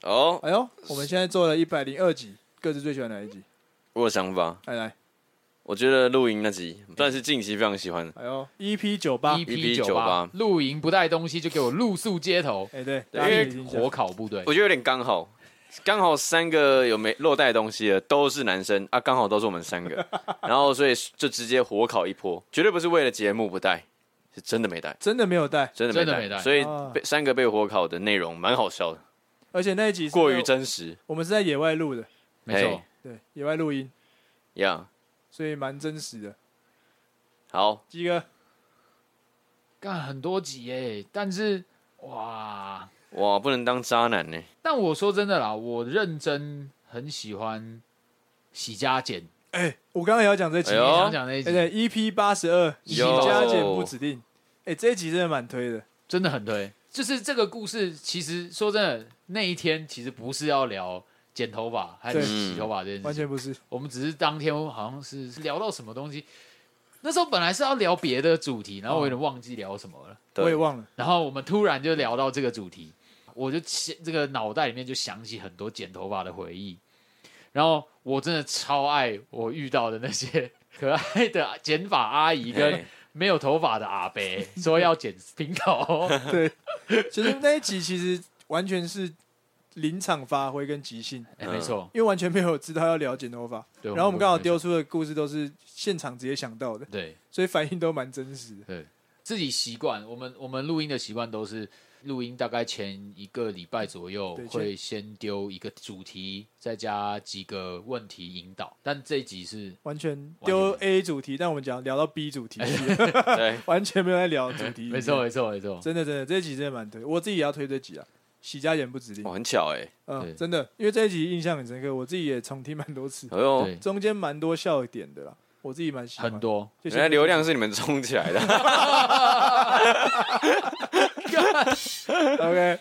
哦、oh,，哎呦，我們現在做了一百零二集，各自最喜歡哪一集？我有想法，哎來。來我覺得露營那集算是近期非常喜歡的。哎呦，EP 九八，EP 九八，EP98, EP98, 露營不帶東西就給我露宿街頭。哎、欸，剛剛對，因為火烤部隊，我覺得有點剛好，剛好三個有沒落帶東西的都是男生啊，剛好都是我們三個， 然後所以就直接火烤一波，絕對不是為了節目不帶，是真的沒帶，真的沒有帶，真的沒帶，所以三個被火烤的內容蠻好笑的，而且那一集過於真實我，我們是在野外錄的，沒錯，對，野外錄音，yeah, 所以蠻真實的，好，基哥幹很多集哎，但是哇哇不能當渣男呢。但我說真的啦，我認真很喜歡喜加減。哎、欸，我剛剛也要講這集，哎、也要講那集，欸、對，EP 八十二喜加減不指定。哎、欸，這一集真的蠻推的，真的很推。就是這個故事，其實說真的，那一天其實不是要聊。剪頭髮還是洗頭髮？這件事完全不是，我們只是當天好像是聊到什麼東西。那時候本來是要聊別的主題，然後我有點忘記聊什麼了，我也忘了。然後我們突然就聊到這個主題，我就這個腦袋裡面就想起很多剪頭髮的回憶。然後我真的超愛我遇到的那些可愛的剪髮阿姨跟沒有頭髮的阿伯，說要剪平頭。對， 其實那一集其實完全是。臨場發揮跟即興，欸、沒錯，因為完全沒有知道要聊剪頭髮。對，然後我們剛好丟出的故事都是現場直接想到的，對，所以反應都蠻真實的。對，自己習慣，我們我們錄音的習慣都是錄音，大概前一個禮拜左右會先丟一個主題，再加幾個問題引導。但這一集是完全丟 A 主題，但我們講聊到 B 主題，欸、 對，完全沒有在聊主題。沒錯，沒錯，沒錯，真的真的，這集真的蠻推，我自己也要推這集啊。喜家印不止力，哦，很巧哎、欸，嗯，真的，因為這一集印象很深刻，我自己也重聽蠻多次，對，中間蠻多笑點的啦，我自己蠻喜歡，很多，現在流量是你們衝起來的 ，OK，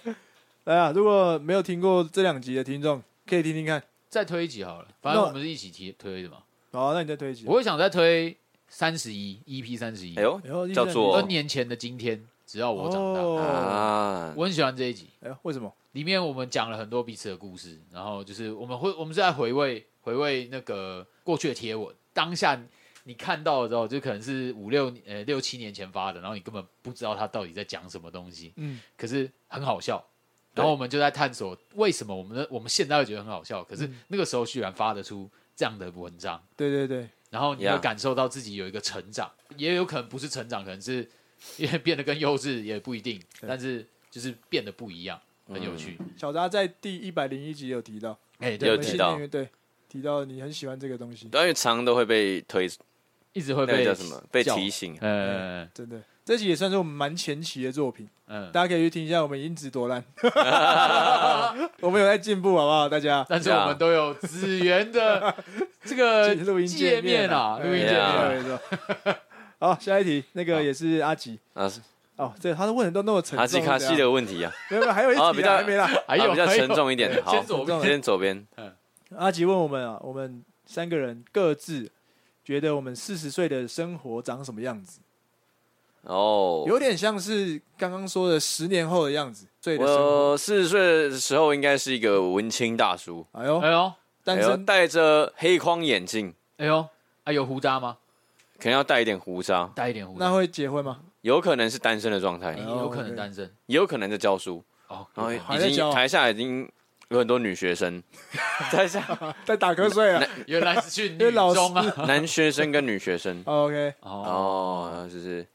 來啊，如果沒有聽過這兩集的聽眾，可以聽聽看，再推一集好了，反正我們是一起提 no, 推推的嘛，哦、啊，那你再推一集，我會想再推三十一，EP 三十一，哎呦、哎，叫做多年前的今天。只要我長大，oh, uh, 我很喜歡這一集。哎，為什麼？裡面我們講了很多彼此的故事，然後就是我們會我們是在回味回味那個過去的貼文。當下你看到的時候，就可能是五六呃六七年前發的，然後你根本不知道他到底在講什麼東西。嗯，可是很好笑。然後我們就在探索為什麼我們的我們現在會覺得很好笑，可是那個時候居然發得出這樣的文章。對對對。然後你會感受到自己有一個成長，也有可能不是成長，可能是。因為變得更幼稚也不一定，但是就是變得不一樣，嗯、很有趣。小扎在第一百零一集有提到，哎、欸，有提到，對，提到你很喜歡這個東西，因為常都會被推，一直會被叫、那個、叫什麼被,叫被提醒。嗯，真的，這集也算是我們蠻前期的作品。嗯，大家可以去聽一下我們音質多爛，嗯、 我們有在進步，好不好？大家，但是我們都有紫園的這個錄、啊、 音界面啊錄、啊、音界面、啊。嗯沒 好、哦、下一題，那個也是阿吉啊，是哦，對，他的問題都那麼沉重阿吉、啊啊、卡西的問題啊，沒有沒有，還有一題、啊 啊，還沒啦，還、啊、有比較沉重一點的，好，先左邊先左邊，嗯，阿吉問我們啊，我們三個人各自覺得我們四十歲的生活長什麼樣子？哦，有點像是剛剛說的十年後的樣子，歲的呃，四十歲的時候應該是一個文青大叔，哎呦哎呦，單身，哎、戴着黑框眼鏡，哎呦，哎、啊、有鬍渣嗎？可能要帶一點鬍渣、啊，帶一點鬍渣。那會結婚嗎？有可能是單身的狀態，有可能單身，也有可能在教書。哦、oh, okay.，已經台下，台，下台下已經有很多女學生，台 在下 在打瞌睡啊。原來是去女中啊 老，男學生跟女學生。Oh, OK，哦，就是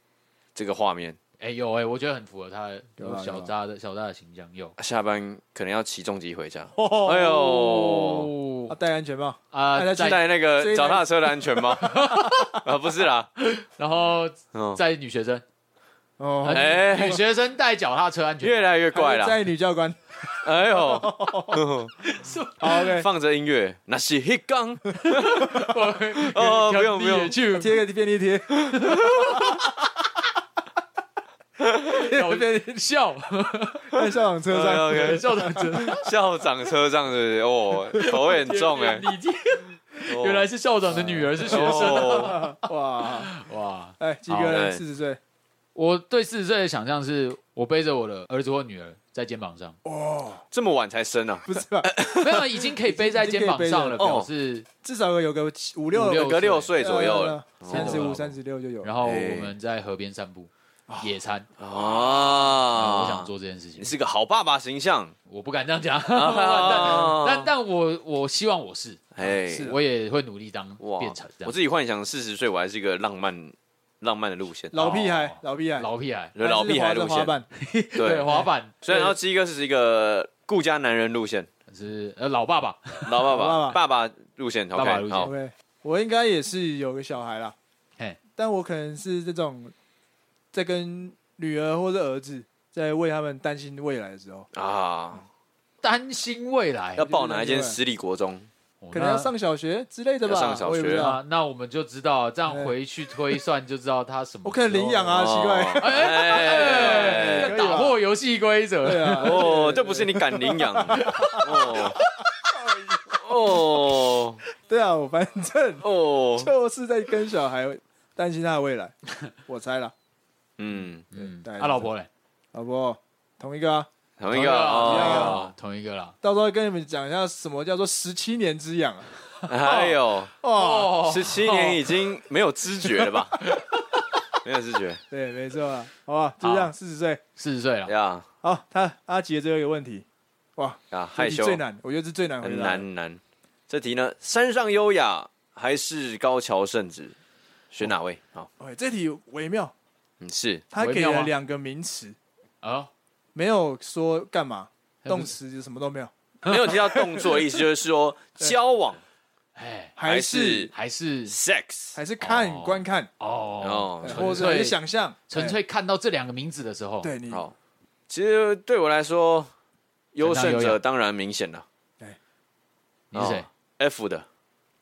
這個畫面。哎、欸、有哎、欸，我覺得很符合他有有，小渣的小渣的形象。有。下班可能要騎重機回家，oh, 哎呦，戴、oh. 啊、安全帽啊，戴那個腳踏車的安全帽 啊，不是啦，然後載、oh. 女, oh. 女, oh. 女學生，哎，女學生戴腳踏車安全帽，越來越怪了，載女教官，哎 呦、oh. oh. okay. 放着音樂，那是黑鋼，哦，沒有沒有，貼個便利貼。 我在在校長車上，校長車校長車上的、uh, 哦、okay. ，oh, 口味很重哎、欸。 原來是校長的女兒，是學生哇、啊、哇！哎、oh. oh.，wow. wow. hey, 幾個人四十歲？我對四十歲的想象是我背着我的兒子或女兒在肩膀上。哇、oh.，這麼晚才生啊？不是吧？沒 有，已經可以背在肩膀上了，表、喔、示至少有個五六，每個六歲左右了，三十五、三十六就有了。然後我們在河邊散步。欸.野餐啊、嗯！我想做這件事情。你是個好爸爸形象，我不敢這樣講、啊 啊，但但我我希望我是，哎、嗯，我也會努力當，變成這樣。我自己幻想四十歲我還是一個浪漫浪漫的路線、哦，老屁孩，老屁孩，老屁孩，老屁孩路線。 對，滑板。雖然說七哥是一個顧家男人路線，是呃老爸爸， 老爸爸，老爸爸，爸爸路線，okay, 爸爸路線。Okay. 我應該也是有個小孩啦，但我可能是這種。在跟女兒或者兒子在為他們擔心未來的時候、嗯、啊，擔心未來要報哪一間私立國中，可能要上小學之類的吧。上小學啊，那我們就知道，這樣回去推算就知道他什麼、啊我他什麼。我可能領養啊，哦、奇怪，哎哎哎哎哎哎、哎哎打破遊戲規則啊！哦、哎哎哎哎哎哎，這不是你敢領養哦哦，對啊，反正哦，就是在跟小孩擔心他的未來，我猜了。嗯嗯，他、啊、老婆嘞？老婆同一個，同一個、啊，同一個了、啊。同一個了、啊啊啊啊啊啊。到時候跟你們講一下什麼叫做十七年之癢啊！哎呦哦，十、哦、七、哦、年已經沒有知覺了吧？哦、 沒有知覺。對，沒錯啊。好吧，就這樣四十歲，四十歲了。對、yeah. 好，他阿杰最後一個問題，哇，啊、yeah,，害羞。最難，我覺得是最難回答。難難,難。這題呢，山上優雅還是高橋聖子，選哪位？哦、好。哎、欸，這題微妙。是他給了兩個名詞啊，沒有說幹嘛是不是，動詞什麼都沒有，沒有提到動作的，意思就是說 交往，還是還是，還是 sex，還是看、哦、觀看哦，或者是想象純粹看到這兩個名字的時候，對你好。其實對我來說，優勝者當然明顯了，對，你是誰、哦、？F 的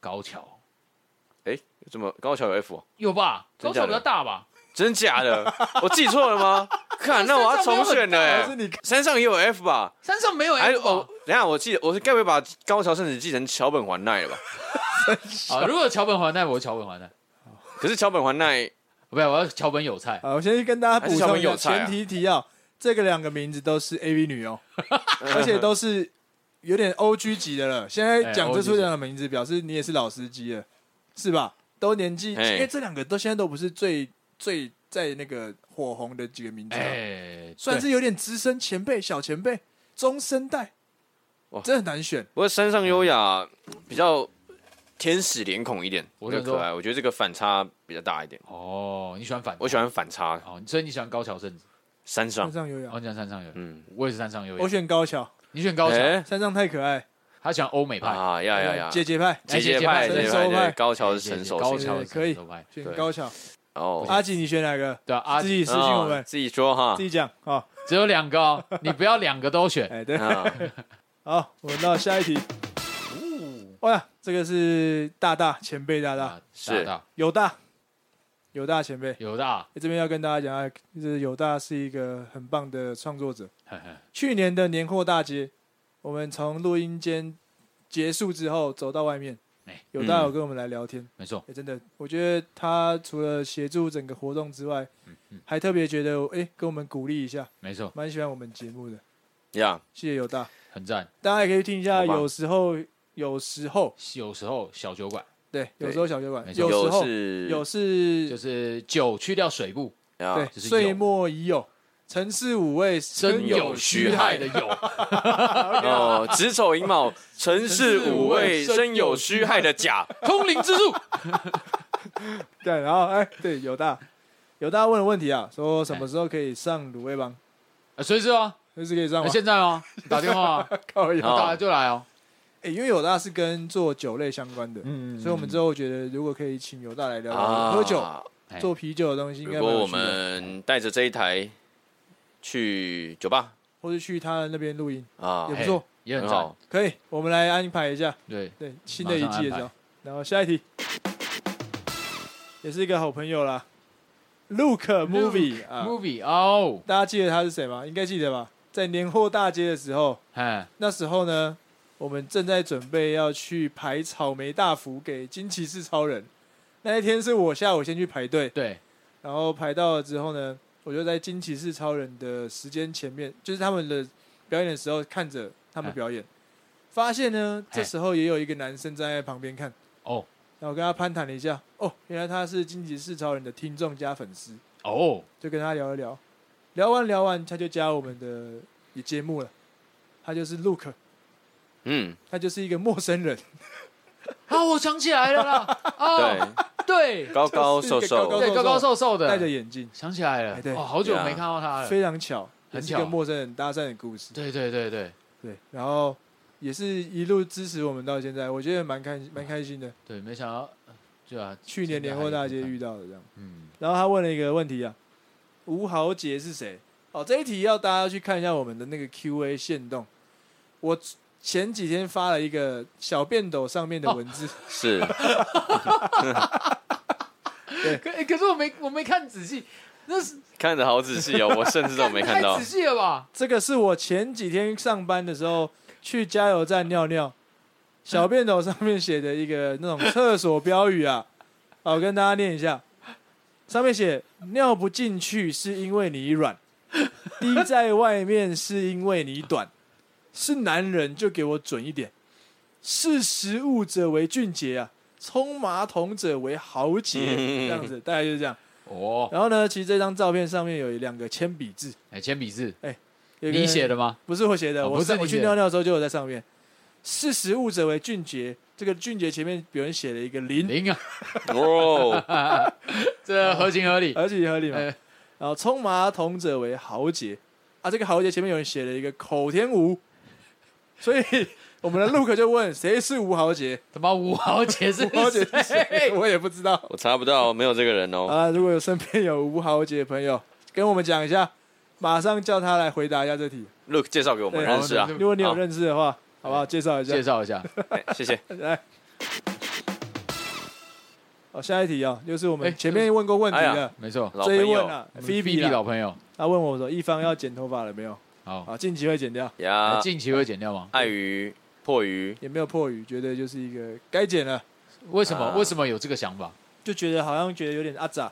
高橋，有這麼高橋有 F、啊、有吧？高橋比較大吧？真假的， 我記錯了嗎？看，那我要重選了。哎，山上也有 F 吧？山上沒有 F。哎，哦，等下，我記得，我是該不會把高橋聖子記成橋本環奈了吧？ 如果橋本環奈，我是橋本環奈。可是橋本環奈、 哦，不要，我要橋本有菜。啊，我先去跟大家補充、啊，有前提提要，這個兩個名字都是 A.V. 女優， 而且都是有點 O.G. 級的了。現在講這出這樣的名字，表示你也是老司機了，欸、是吧？都年紀，因為這兩個都現在都不是最。最在那個火紅的幾個名字、啊，欸欸欸欸、算是有點資深前輩、小前輩、中生代，哇，真很難選。不過山上優雅比較天使臉孔一點，比較可愛。我覺得這個反差比較大一點。哦，你喜歡反？我喜歡反差。哦，所以你喜歡高橋聖子？山上優雅，我喜歡山上優雅、哦。嗯，我也是山上優雅。我選高橋，你選高橋、欸？山上太可愛。他喜歡歐美派啊，呀呀呀，姐姐派，姐姐派，成熟派。高橋是成熟、哎，高橋可以，選高橋。哦、oh, okay.，阿吉，你選哪個？對啊，阿吉，自己私信我們，oh, 自己說哈，自己講好、哦。只有兩個哦， 你不要兩個都選。哎，對，哦、 好，我們到下一題。哦、哇，這個是大大前輩大大、啊，大大是有大，有大前輩，有大。這邊要跟大家講啊，就是有大是一個很棒的創作者。 去年的年貨大節，我們從錄音間結束之後，走到外面。欸、有大有跟我們來聊天，嗯、沒錯，真的，我覺得他除了協助整個活動之外，嗯嗯、還特別覺得哎、欸，跟我們鼓勵一下，沒錯，蠻喜歡我們節目的，呀、yeah,，謝謝有大，很讚，大家也可以聽一下有，有時候，有時候，有時候小酒館，對，有時候小酒館，有時候，有是，有是就是酒去掉水部，yeah, 對，歲、就是、末已有。城市五味深有虛害的有哦，子、 呃、丑寅卯城市五味深有虛害的假通靈之術， 對，然後哎、欸，對，有大有大問了問題啊，說什麼時候可以上滷味幫啊？隨、欸、時哦、喔、隨時可以上、欸，現在哦、喔、打電話可、喔、以， 打了就來哦、喔。哎、欸，因為有大是跟做酒類相關的，嗯，所以我們之後覺得如果可以請有大來聊、嗯、喝酒、欸、做啤酒的東西應該的，應如果我們帶着這一台。去酒吧，或者去他那邊錄音啊，也不錯，也很早。可以，我們來安排一下。對對，新的一季的時候，然後下一題，也是一個好朋友啦 Luke Movie,，Luke 啊 Movie 啊，Movie 哦，大家記得他是誰嗎？應該記得吧？在年貨大街的時候，那時候呢，我們正在準備要去排草莓大福給金騎士超人，那一天是我下午先去排隊，對，然後排到了之後呢。我就在《驚奇四超人》的時間前面，就是他們的表演的時候，看着他們表演，欸、發現呢、欸，這時候也有一個男生站在旁邊看。哦，那我跟他攀談了一下，哦，原來他是《驚奇四超人》的聽眾加粉絲。哦，就跟他聊一聊，聊完聊完，他就加我們的節目了。他就是 Luke，嗯，他就是一個陌生人。嗯、 啊，我想起來了啦！啊、 oh.。對，高高瘦瘦、就是高高瘦、瘦，對，高高瘦瘦的，戴着眼鏡，想起來了，對、哦，好久沒看到他了，啊、非常巧，很巧，陌生人搭訕的故事，對對對對，對然後也是一路支持我們到現在，我覺得蠻開蠻開心的，對，沒想到，對啊，去年年貨大街遇到的這樣，嗯，然後他問了一個問題啊，吳豪傑是誰？哦，這一題要大家去看一下我們的那個 Q&A 限動，我。前幾天發了一個小便斗上面的文字、oh, 是 是。可可是我沒我沒看仔細，那是看得好仔細哦，我甚至都沒看到，太仔細了吧？這個是我前幾天上班的時候去加油站尿尿，小便斗上面寫的一個那種廁所標語啊，好跟大家念一下，上面寫，尿不進去是因為你軟，滴在外面是因為你短。是男人就給我準一點，識時務者為俊傑啊，沖馬桶者為豪傑，嗯，這樣子，大概就是這樣哦。然後呢，其實這張照片上面有一兩個鉛筆字，哎，鉛筆字，哎，你寫的嗎？不是我寫的，哦，你寫的，我在我去尿尿的時候就有在上面。識時務者為俊傑，這個俊傑前面有人寫了一個林林啊，哇、 哦，這合情合理，哦，合情合理嘛，哎。然後沖馬桶者為豪傑，啊，這個豪傑前面有人寫了一個口天吳。所以我們的 Luke 就問：誰是吳豪傑？怎麼吳豪傑是吳豪傑是誰？我也不知道，我查不到，沒有這個人哦。啊，如果身有身邊有吳豪傑的朋友，跟我們講一下，馬上叫他來回答一下這題。Luke 介紹給我們認識啊，如果你有認識的話，好，好不好介紹一下，介紹一下、 欸，謝謝。來，好，下一題啊、喔，就是我們前面問過問題的，欸就是哎、沒錯，追問啊，Feebe 的老朋友，他問我說：一方要剪頭髮了沒有？Oh. 好，近期會剪掉、yeah. 欸，近期會剪掉嗎？Uh, 礙於迫於也沒有迫於，覺得就是一個該剪了。為什麼？Uh. 為什麼有這個想法？就覺得好像覺得有點阿雜，oh.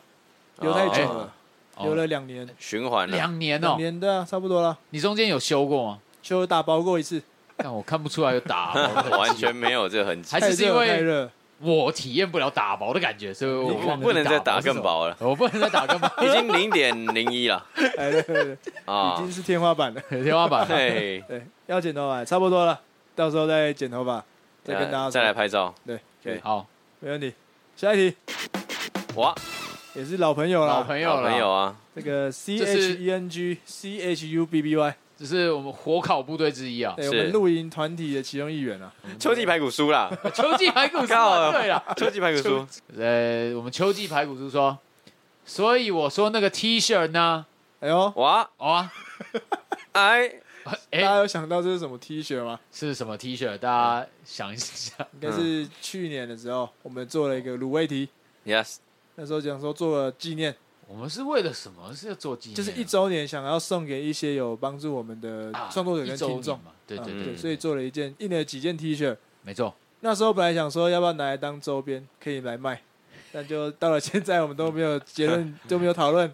留太久了，oh. 留了兩年，循環兩年哦、喔，兩年對啊，差不多了。你中間有修過嗎？修打包過一次，但我看不出來有打 完全沒有這痕跡，還是，是因為。我體驗不了打薄的感覺，所以我,我,不,能我不能再打更薄了。我不能再打更薄，已經零點零一了。 哎，對對對，啊、哦，已經是天花板了， 天花板了。對，對要剪頭髮，差不多了，到時候再剪頭髮，再跟大家再來拍照。對可以好，沒問題。下一題，哇，也是老朋友了，老朋友了，朋友啊，這個 C H E N G C H U B B Y。CHUBBY 只是我們火烤部隊之一啊，對我們露營團體的其中一員啊。秋季排骨酥啦， 秋季排骨酥 剛好有 秋季排骨酥，對啊，秋季排骨酥。呃，我們秋季排骨酥說，所以我說那個 T 恤呢？哎呦，哇哇，哎， 大家有想到這是什麼 T 恤嗎？是什麼 T 恤？大家想一想，嗯，應該是去年的時候，我們做了一個魯味 T，yes，那時候講說做了紀念。我們是為了什麼是要做紀念？就是一周年，想要送給一些有幫助我們的創作者跟聽眾、啊、嘛。對對對，對，對，對、啊，所以做了一件印了幾件 T 恤。沒錯，那時候本來想說要不要拿來當周邊可以來賣，但就到了現在，我們都沒有結論，都 沒有討論，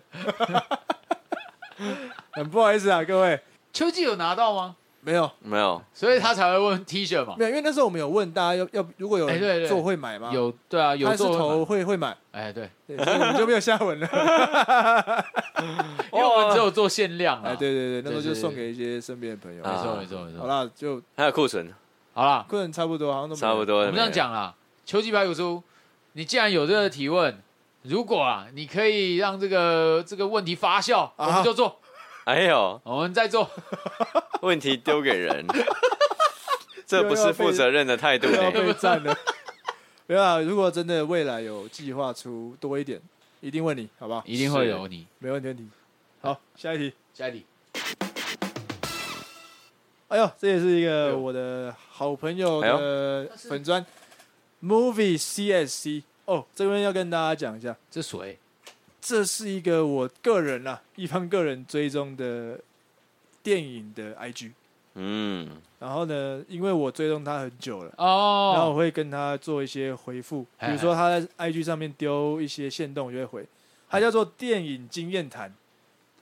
很不好意思啊，各位。秋季有拿到嗎？沒有沒有，所以他才會問 T 恤嘛。沒有，因為那時候我們有問大家要要，如果有人做會買嗎、欸？有，對啊，有做會買還是頭會，會買。哎、欸，對，對所以我們就沒有下文了， 因為我們只有做限量啊。欸、對對對，那時候就送給一些身邊的朋友對對對、啊。沒錯沒錯沒錯。好啦，就還有庫存。好啦，庫存差不多，好像都差不多。我們這樣講啦，球季排球周，你既然有這個提問，如果啊，你可以讓這個這個問題發酵，我們就做。啊哎呦，我、哦、們在做 問題丟給人， 這不是負責任的態度呢。不要，要 如果真的未來有計劃出多一點，一定問你，好不好？一定會有你，沒問題、嗯。好，下一題，下一題。哎呦，這也是一個我的好朋友的粉專、哎、movie CSC。哦，這邊要跟大家講一下，這誰？這是一個我個人啊，一般個人追蹤的電影的 IG，嗯，然後呢，因為我追蹤他很久了哦，然後我會跟他做一些回復，嘿嘿比如說他在 IG 上面丟一些限動，我就會回。他叫做電影經驗談，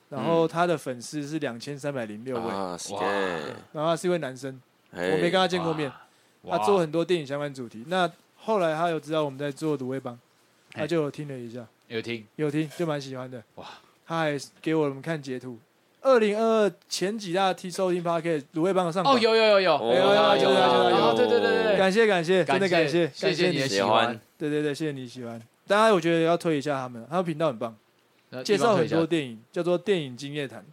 嗯，然後他的粉絲是兩千三百零六位，嗯，哇，然後他是一位男生，我沒跟他見過面，他做很多電影相關主題。那後來他有知道我們在做魯味幫，他就聽了一下。有聽有聽，就蠻喜歡的哇！他還給我們看截圖，二零二二前幾大 T 收聽 Podcast 滷味幫我上榜哦、oh,！有有有有有有有有有有，對對對,對,對，感謝對對對感謝，真的感謝，感謝謝,謝,你謝你的喜歡，對對對，謝謝你喜歡。大家我覺得要推一下他們，他們頻道很棒，介紹很多電影，叫做《電影金夜談》，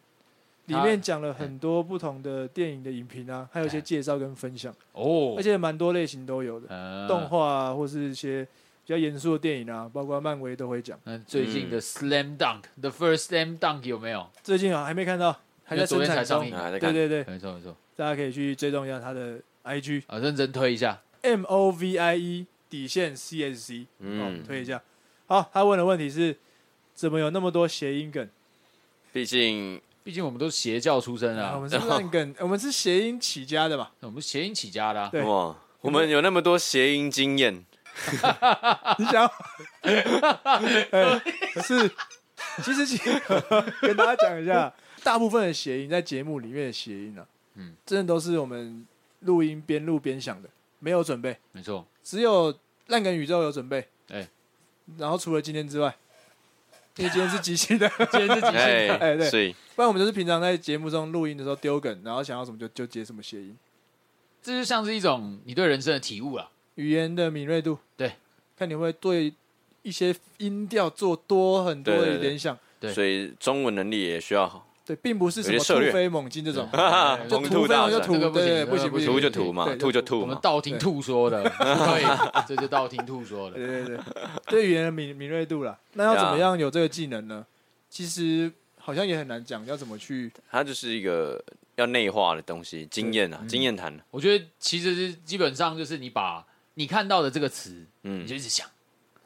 裡面講了很多不同的電影的影評啊，還有一些介紹跟分享哦，而且蠻多類型都有的，動畫、啊、或是一些。比較嚴肅的電影啊，包括漫威都會講。嗯，最近的《Slam Dunk、嗯》《The First Slam Dunk》有沒有？最近啊，還沒看到，還在生產中啊。對,對對對，沒錯沒錯。大家可以去追蹤一下他的 IG 啊，認真推一下。M O V I E 底線 C S C，嗯，推一下。好，他問的問題是：怎麼有那麼多諧音梗？畢竟，畢竟我們都邪教出身啊。我們是爛梗、哦，我們是諧音起家的嘛。我們是諧音起家的、啊，對，哇，我們有那麼多諧音經驗。 你想要？哎，可是其實， 跟大家講一下，大部分的諧音在節目裡面的諧音啊，真的都是我們錄音邊錄邊想的，沒有準備。沒錯，只有爛梗宇宙有準備、欸。然後除了今天之外，因為今天是即興的， 今天是即興的。哎，對，不然我們就是平常在節目中錄音的時候丟梗，然後想要什麼就就接什麼諧音。這就像是一種你對人生的體悟啊。語言的敏銳度，對，看你會對一些音調做多很多的聯想對對對，對，所以中文能力也需要好，對，並不是什麼突飛猛進這種， 就突就突，不、這、行、個、不行，突、這個這個、就突嘛，突就突，我們道聽途說的，對， 這就道聽途說的，對對對，對語言的敏敏銳度了， 那要怎麼樣有這個技能呢？其實好像也很難講，要怎麼去，它就是一個要內化的東西，經驗啊、嗯，經驗談，我覺得其實是基本上就是你把。你看到的這個詞，嗯，你就一直想，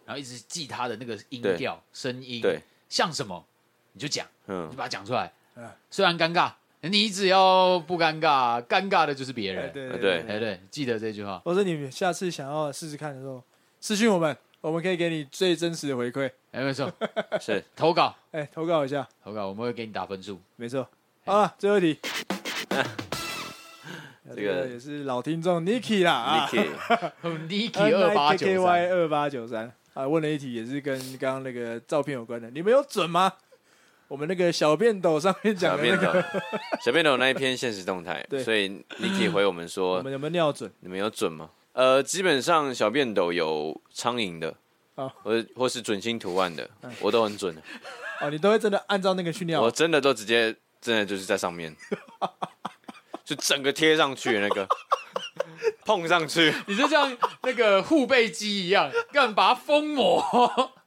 然後一直記它的那個音調、聲音，對，像什麼，你就講，嗯，你把它講出來，嗯，雖然尷尬，你只要不尷尬，尷尬的就是別人，對對對，對，哎對，對，對，對，對，對，記得這句話。我說你下次想要試試看的時候，私訊我們，我們可以給你最真實的回饋。哎、欸，沒錯， 是投稿，哎、欸，投稿一下，投稿我們會給你打分數。沒錯、欸，啊，最後一題。啊、這個也是老聽眾 Nikky 啦 Nikky 二八九三啊，問了一題，也是跟剛剛那個照片有關的，你們有準嗎？我們那個小便斗上面講的、那個、小便斗，小便斗那一篇現實動態，所以你可以回我們說，你們有沒有尿準？你們有準嗎？呃，基本上小便斗有蒼蠅的啊，或或是準星圖案的、啊，我都很準。哦、啊，你都會真的按照那個去尿？我真的都直接，真的就是在上面。啊就整個貼上去那個， 碰上去，你就像那個護貝機一樣，幹把它封膜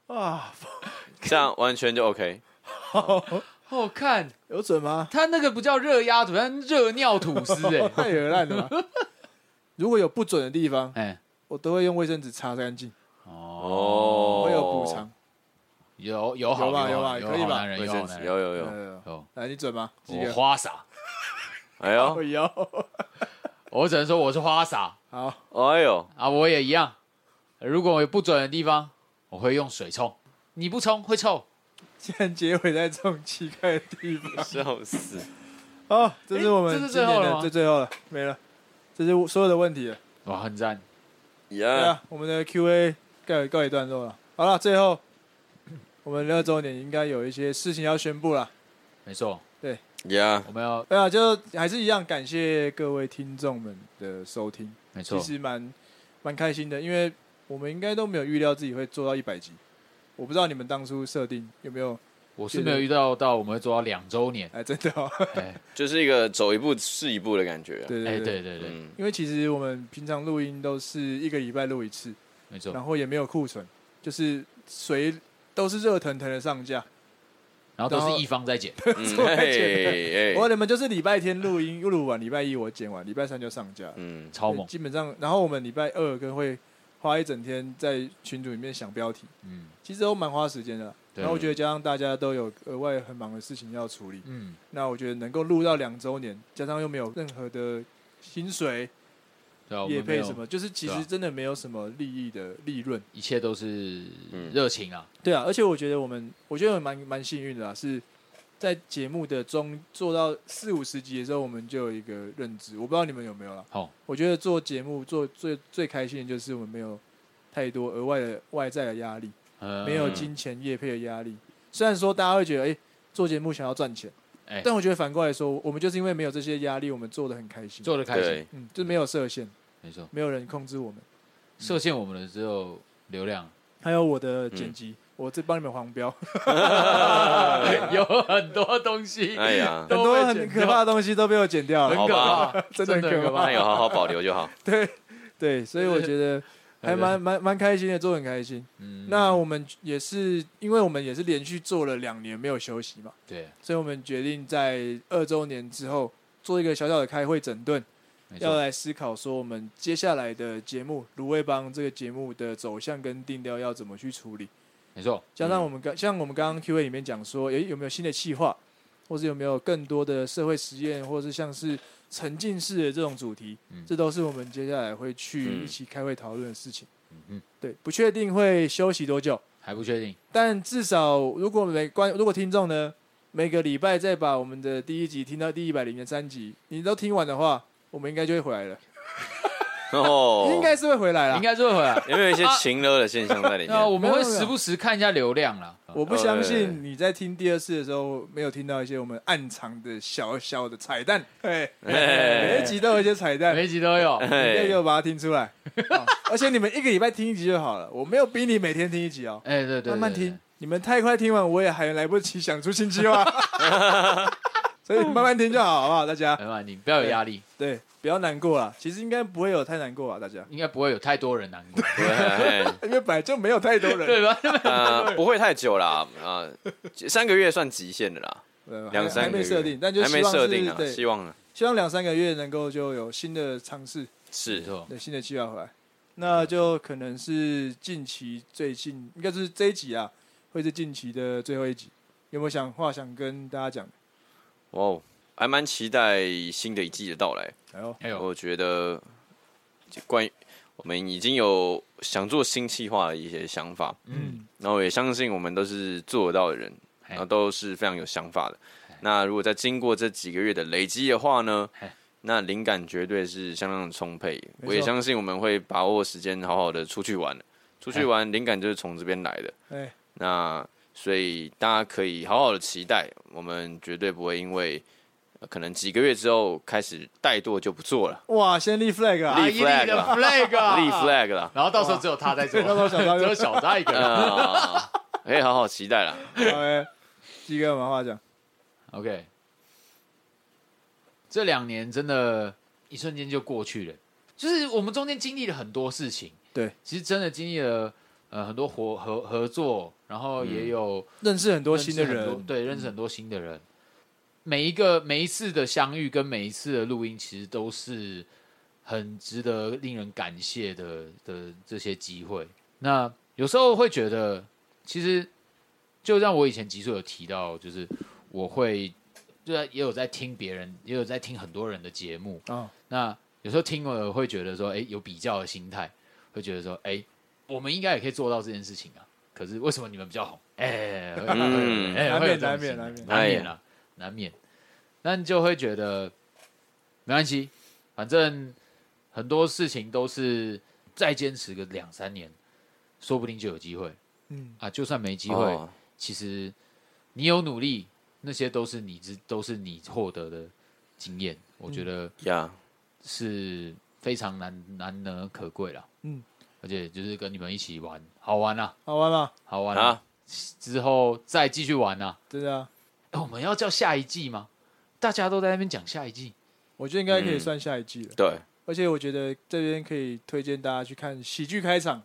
啊？ 這樣完全就 OK， 好,好,好看有準嗎？他那個不叫熱壓土叫熱尿吐司、欸，哎， 太有爛了 如果有不準的地方，哎、欸，我都會用衛生紙擦乾淨，哦，我有補償，有有好有吧，有吧，可以吧？有有,衛生紙有,有有， 有,有,有。 來，你準嗎？我花灑。哎呦！Oh, 我只能說我是花灑。好，哎呦！啊，我也一樣。如果有不準的地方，我會用水沖。你不沖會臭。竟然結尾在這種奇怪的地方，笑死！啊，這是我們、欸、這是最後了，最最後了，沒了。這是所有的問題了。哇，很讚！Yeah. 對、啊、我們的 Q&A 告告一段落了。好了，最後我們二周年應該有一些事情要宣布了。沒錯。呀、yeah,，我們要對啊，就還是一樣，感謝各位聽眾們的收聽，沒錯，其實蠻蠻開心的，因為我們應該都沒有預料自己會做到一百集，我不知道你們當初設定有沒有，我是沒有預料到,到我們會做到兩周年，哎，真的、喔欸，就是一個走一步是一步的感覺、啊，對對對對、欸、對,對,對、嗯，因為其實我們平常錄音都是一個禮拜錄一次，沒錯，然後也沒有庫存，就是誰都是熱騰騰的上架。然後都是一方在剪，我你們就是禮拜天錄音錄完，禮拜一我剪完，禮拜三就上架，嗯，超猛。基本上，然後我們禮拜二跟會花一整天在群組裡面想標題，嗯，其實都蠻花時間的。對，然後我覺得加上大家都有額外很忙的事情要處理，嗯，那我覺得能夠錄到兩周年，加上又沒有任何的薪水。啊、業配什麼？就是其實真的沒有什麼利益的利潤，啊，一切都是熱情啊。對啊，而且我覺得我們，我覺得蠻蠻幸運的啊，是在節目的中做到四五十集的時候，我們就有一個認知。我不知道你們有沒有啦。好、哦，我覺得做節目做最最開心的就是我們沒有太多額外的外在的壓力，嗯嗯，沒有金錢業配的壓力。雖然說大家會覺得，哎、欸，做節目想要賺錢。欸、但我覺得反過來說，我們就是因為沒有這些壓力，我們做的很開心，做的開心，嗯，就沒有設限沒錯，沒有人控制我們，嗯、設限我們的只有流量、嗯，還有我的剪輯、嗯，我在幫你們黃標， 有很多東西，哎呀，很多很可怕的東西都被我剪掉了，很可怕， 真的很可怕，真的很可怕 有好好保留就好，對，對，所以我覺得。 還蠻蠻蠻開心的，做得很開心，嗯。那我們也是，因為我們也是連續做了兩年沒有休息嘛，對。所以我們決定在二周年之後做一個小小的開會整頓，要來思考說我們接下來的節目《魯味幫》這個節目的走向跟定調要怎麼去處理。沒錯，加上我們剛、嗯、像我們剛剛 Q&A 裡面講說有，有沒有新的企劃，或是有沒有更多的社會實驗或者是像是。沉浸式的這種主題，嗯，這都是我們接下來會去一起開會討論的事情。嗯嗯，對，不確定會休息多久，還不確定。但至少，如果每關，如果聽眾呢，每個禮拜再把我們的第一集聽到第一百零三集，你都聽完的話，我們應該就會回來了。 應該是會回來了，啊，應該是會回來。有沒有一些情了的現象在裡面啊？那 我們會時不時看一下流量了。 我不相信你在聽第二次的時候沒有聽到一些我們暗藏的小小的彩蛋。對，每一集都有一些彩蛋， 每一集都有，要 有， 有 把它聽出來。而且你們一個禮拜聽一集就好了，我沒有逼你每天聽一集哦。哎，對對，慢慢聽。你們太快聽完，我也還來不及想出新計劃。 所以慢慢聽就好， 好不好？大家慢慢聽，不要有壓力，對。對，不要難過了。其實應該不會有太難過啊，大家應該不會有太多人難過，對。 因為本來就沒有太多人，對吧？ 呃、對，不會太久了啊，呃，三個月算極限的啦。兩三個月還沒設定，但就希望是還沒定、啊，希望希望兩三個月能夠就有新的嘗試，是是，對新的計劃回來，那就可能是近期最近，應該是這一集啊，會是近期的最後一集。有沒有想話想跟大家講？哦、oh，還蠻期待新的一季的到來。哎呦，我覺得，關於我們已經有想做新企劃的一些想法。嗯，然後我也相信我們都是做得到的人，然後都是非常有想法的。那如果在經過這幾個月的累積的話呢，那靈感絕對是相當充沛。我也相信我們會把握時間，好好的出去玩，出去玩靈感就是從這邊來的。對，那。所以大家可以好好的期待，我們絕對不會因為、呃、可能幾個月之後開始怠惰就不做了。哇，先立 flag 啊！立 flag 了，啊，立 flag 了。然後到時候只有他在做， 只有小扎一個哎，嗯， 好好期待了。幾個有沒話講？OK，這兩年真的一瞬間就過去了，就是我們中間經歷了很多事情。對，其實真的經歷了呃很多合合合作。然後也有、嗯、認識很多新的人，對，認識很多新的人。嗯、每一個每一次的相遇跟每一次的錄音，其實都是很值得令人感謝的的這些機會。那有時候會覺得，其實就像我以前幾度有提到，就是我會就在也有在聽別人，也有在聽很多人的節目啊、哦。那有時候聽了會覺得說，哎，有比較的心態，會覺得說，哎，我們應該也可以做到這件事情啊。可是為什麼你們比較紅？哎、欸嗯欸啊，難免，難免，難免，難免了，難免。那你就會覺得沒關係，反正很多事情都是再堅持個兩三年，說不定就有機會。嗯，啊，就算沒機會、哦，其實你有努力，那些都是你這都是你獲得的經驗、嗯。我覺得呀，是非常難難能可貴了。嗯。而且就是跟你們一起玩，好玩啊，好玩嗎、啊？好玩啊！之後再繼續玩啊，對啊、欸。我們要叫下一季嗎？大家都在那邊講下一季，我覺得應該可以算下一季了、嗯。對，而且我覺得這邊可以推薦大家去看《喜劇開場》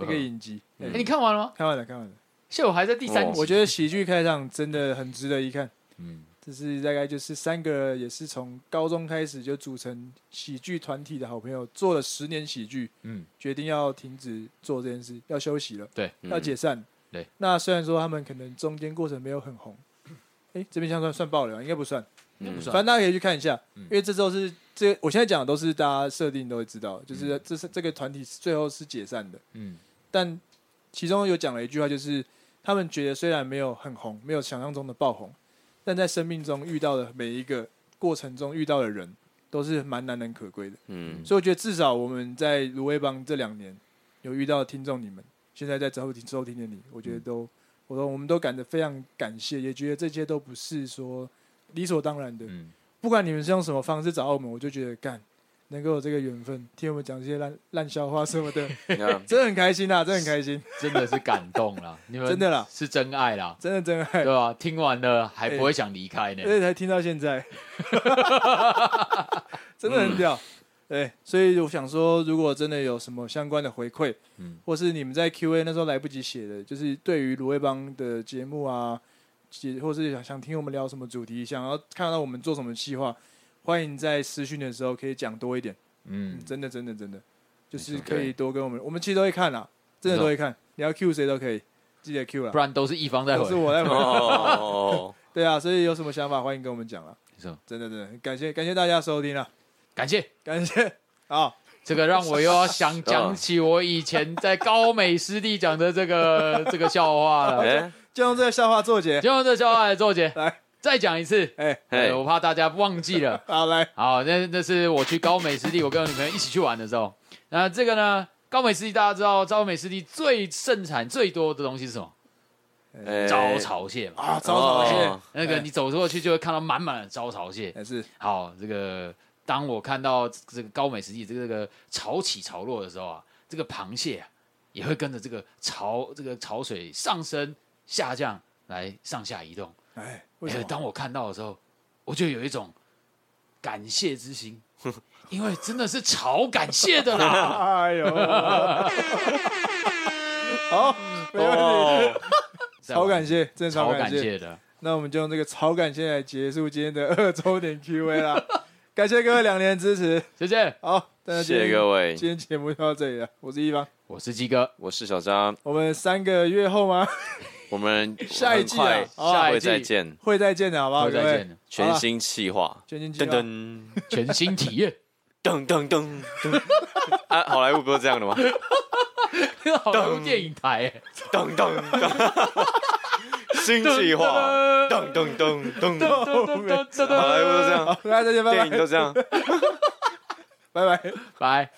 那個影集。哎、oh, okay, okay. 欸欸，你看完了嗎？看完了，看完了。現在我還在第三季，我覺得《喜劇開場》真的很值得一看。嗯。就是大概就是三個，也是從高中開始就組成喜劇團體的好朋友，做了十年喜劇，嗯，決定要停止做這件事，要休息了，對，嗯、要解散，對。那雖然說他們可能中間過程沒有很紅，哎，這邊像算算爆了，應該不算，應該不算。反正大家可以去看一下，因為這時候是這個，我現在講的都是大家設定都會知道，就是這是、嗯、這個團體最後是解散的，嗯。但其中有講了一句話，就是他們覺得雖然沒有很紅，沒有想象中的爆紅。但在生命中遇到的每一個過程中遇到的人，都是蠻難能可貴的。嗯，所以我覺得至少我們在魯味幫這兩年有遇到聽眾，你們現在在之後聽之後聽的你，我覺得都，嗯、我，我們都感得非常感謝，也覺得這些都不是說理所當然的。嗯，不管你們是用什麼方式找我們，我就覺得干。能夠有這個緣分，聽我們講這些爛爛笑話什麼的，嘿嘿真的很開心啊，真的很開心，真的是感動了，你們 真的啦，是真愛啦，真的真愛，對啊。聽完了還不會想離開呢，所以、欸、才聽到現在， 真的很屌。對、嗯欸，所以我想說，如果真的有什麼相關的回饋，嗯，或是你們在 Q&A 那時候來不及寫的，就是對於魯味幫的節目啊，或或是想想聽我們聊什麼主題，想要看到我們做什麼計劃。歡迎在私訊的時候可以講多一點，嗯，真的真的真的，就是可以多跟我們，okay. 我們其實都會看啦，真的都會看，你要 Q 誰都可以，記得 Q 了，不然都是一方在回，是我在回，oh. 對啊，所以有什麼想法歡迎跟我們講了，so. 真的真的，感謝感謝大家收聽啊，感謝感謝啊，這個讓我又要想講起我以前在高美濕地講的這個這個笑話了， 就用這個笑話做結，就用這個笑話來做結 來。再講一次，哎、hey, 哎、hey.，我怕大家忘記了。 好好，那那是我去高美濕地， 我跟我女朋友一起去玩的時候。那這個呢，高美濕地大家知道，高美濕地最盛產最多的東西是什麼？招、hey. 潮蟹啊，招潮蟹、oh, 啊。那個你走過去就會看到滿滿的招潮蟹。是、hey.。好，這個當我看到這個高美濕地這個潮、這個、起潮落的時候啊，這個螃蟹、啊、也會跟着這個潮這個潮水上升下降來上下移動。哎、hey.。我覺得當我看到的時候，我就有一種感謝之心， 因為真的是超感謝的啦！哎呦， 好，沒問題，哦哦哦超感謝， 正常感，感謝的。那我們就用這個超感謝來結束今天的二週年 Q&A 啦， 感謝各位兩年的支持，謝謝，好，謝謝各位，今天節目就到這裡了，我是一方，我是基哥，我是小張， 我們三個月後嗎？ 我們下一季啊，下回再見，會再見的好不好？會再見的，全新企劃，全新企劃噔噔，全新體驗，噔噔噔噔，啊，好萊塢不是這樣的嗎？哈好萊電影台，噔噔噔，新企劃，噔噔噔噔好萊塢都這樣，下回再見吧，電影都這樣， 拜拜，拜。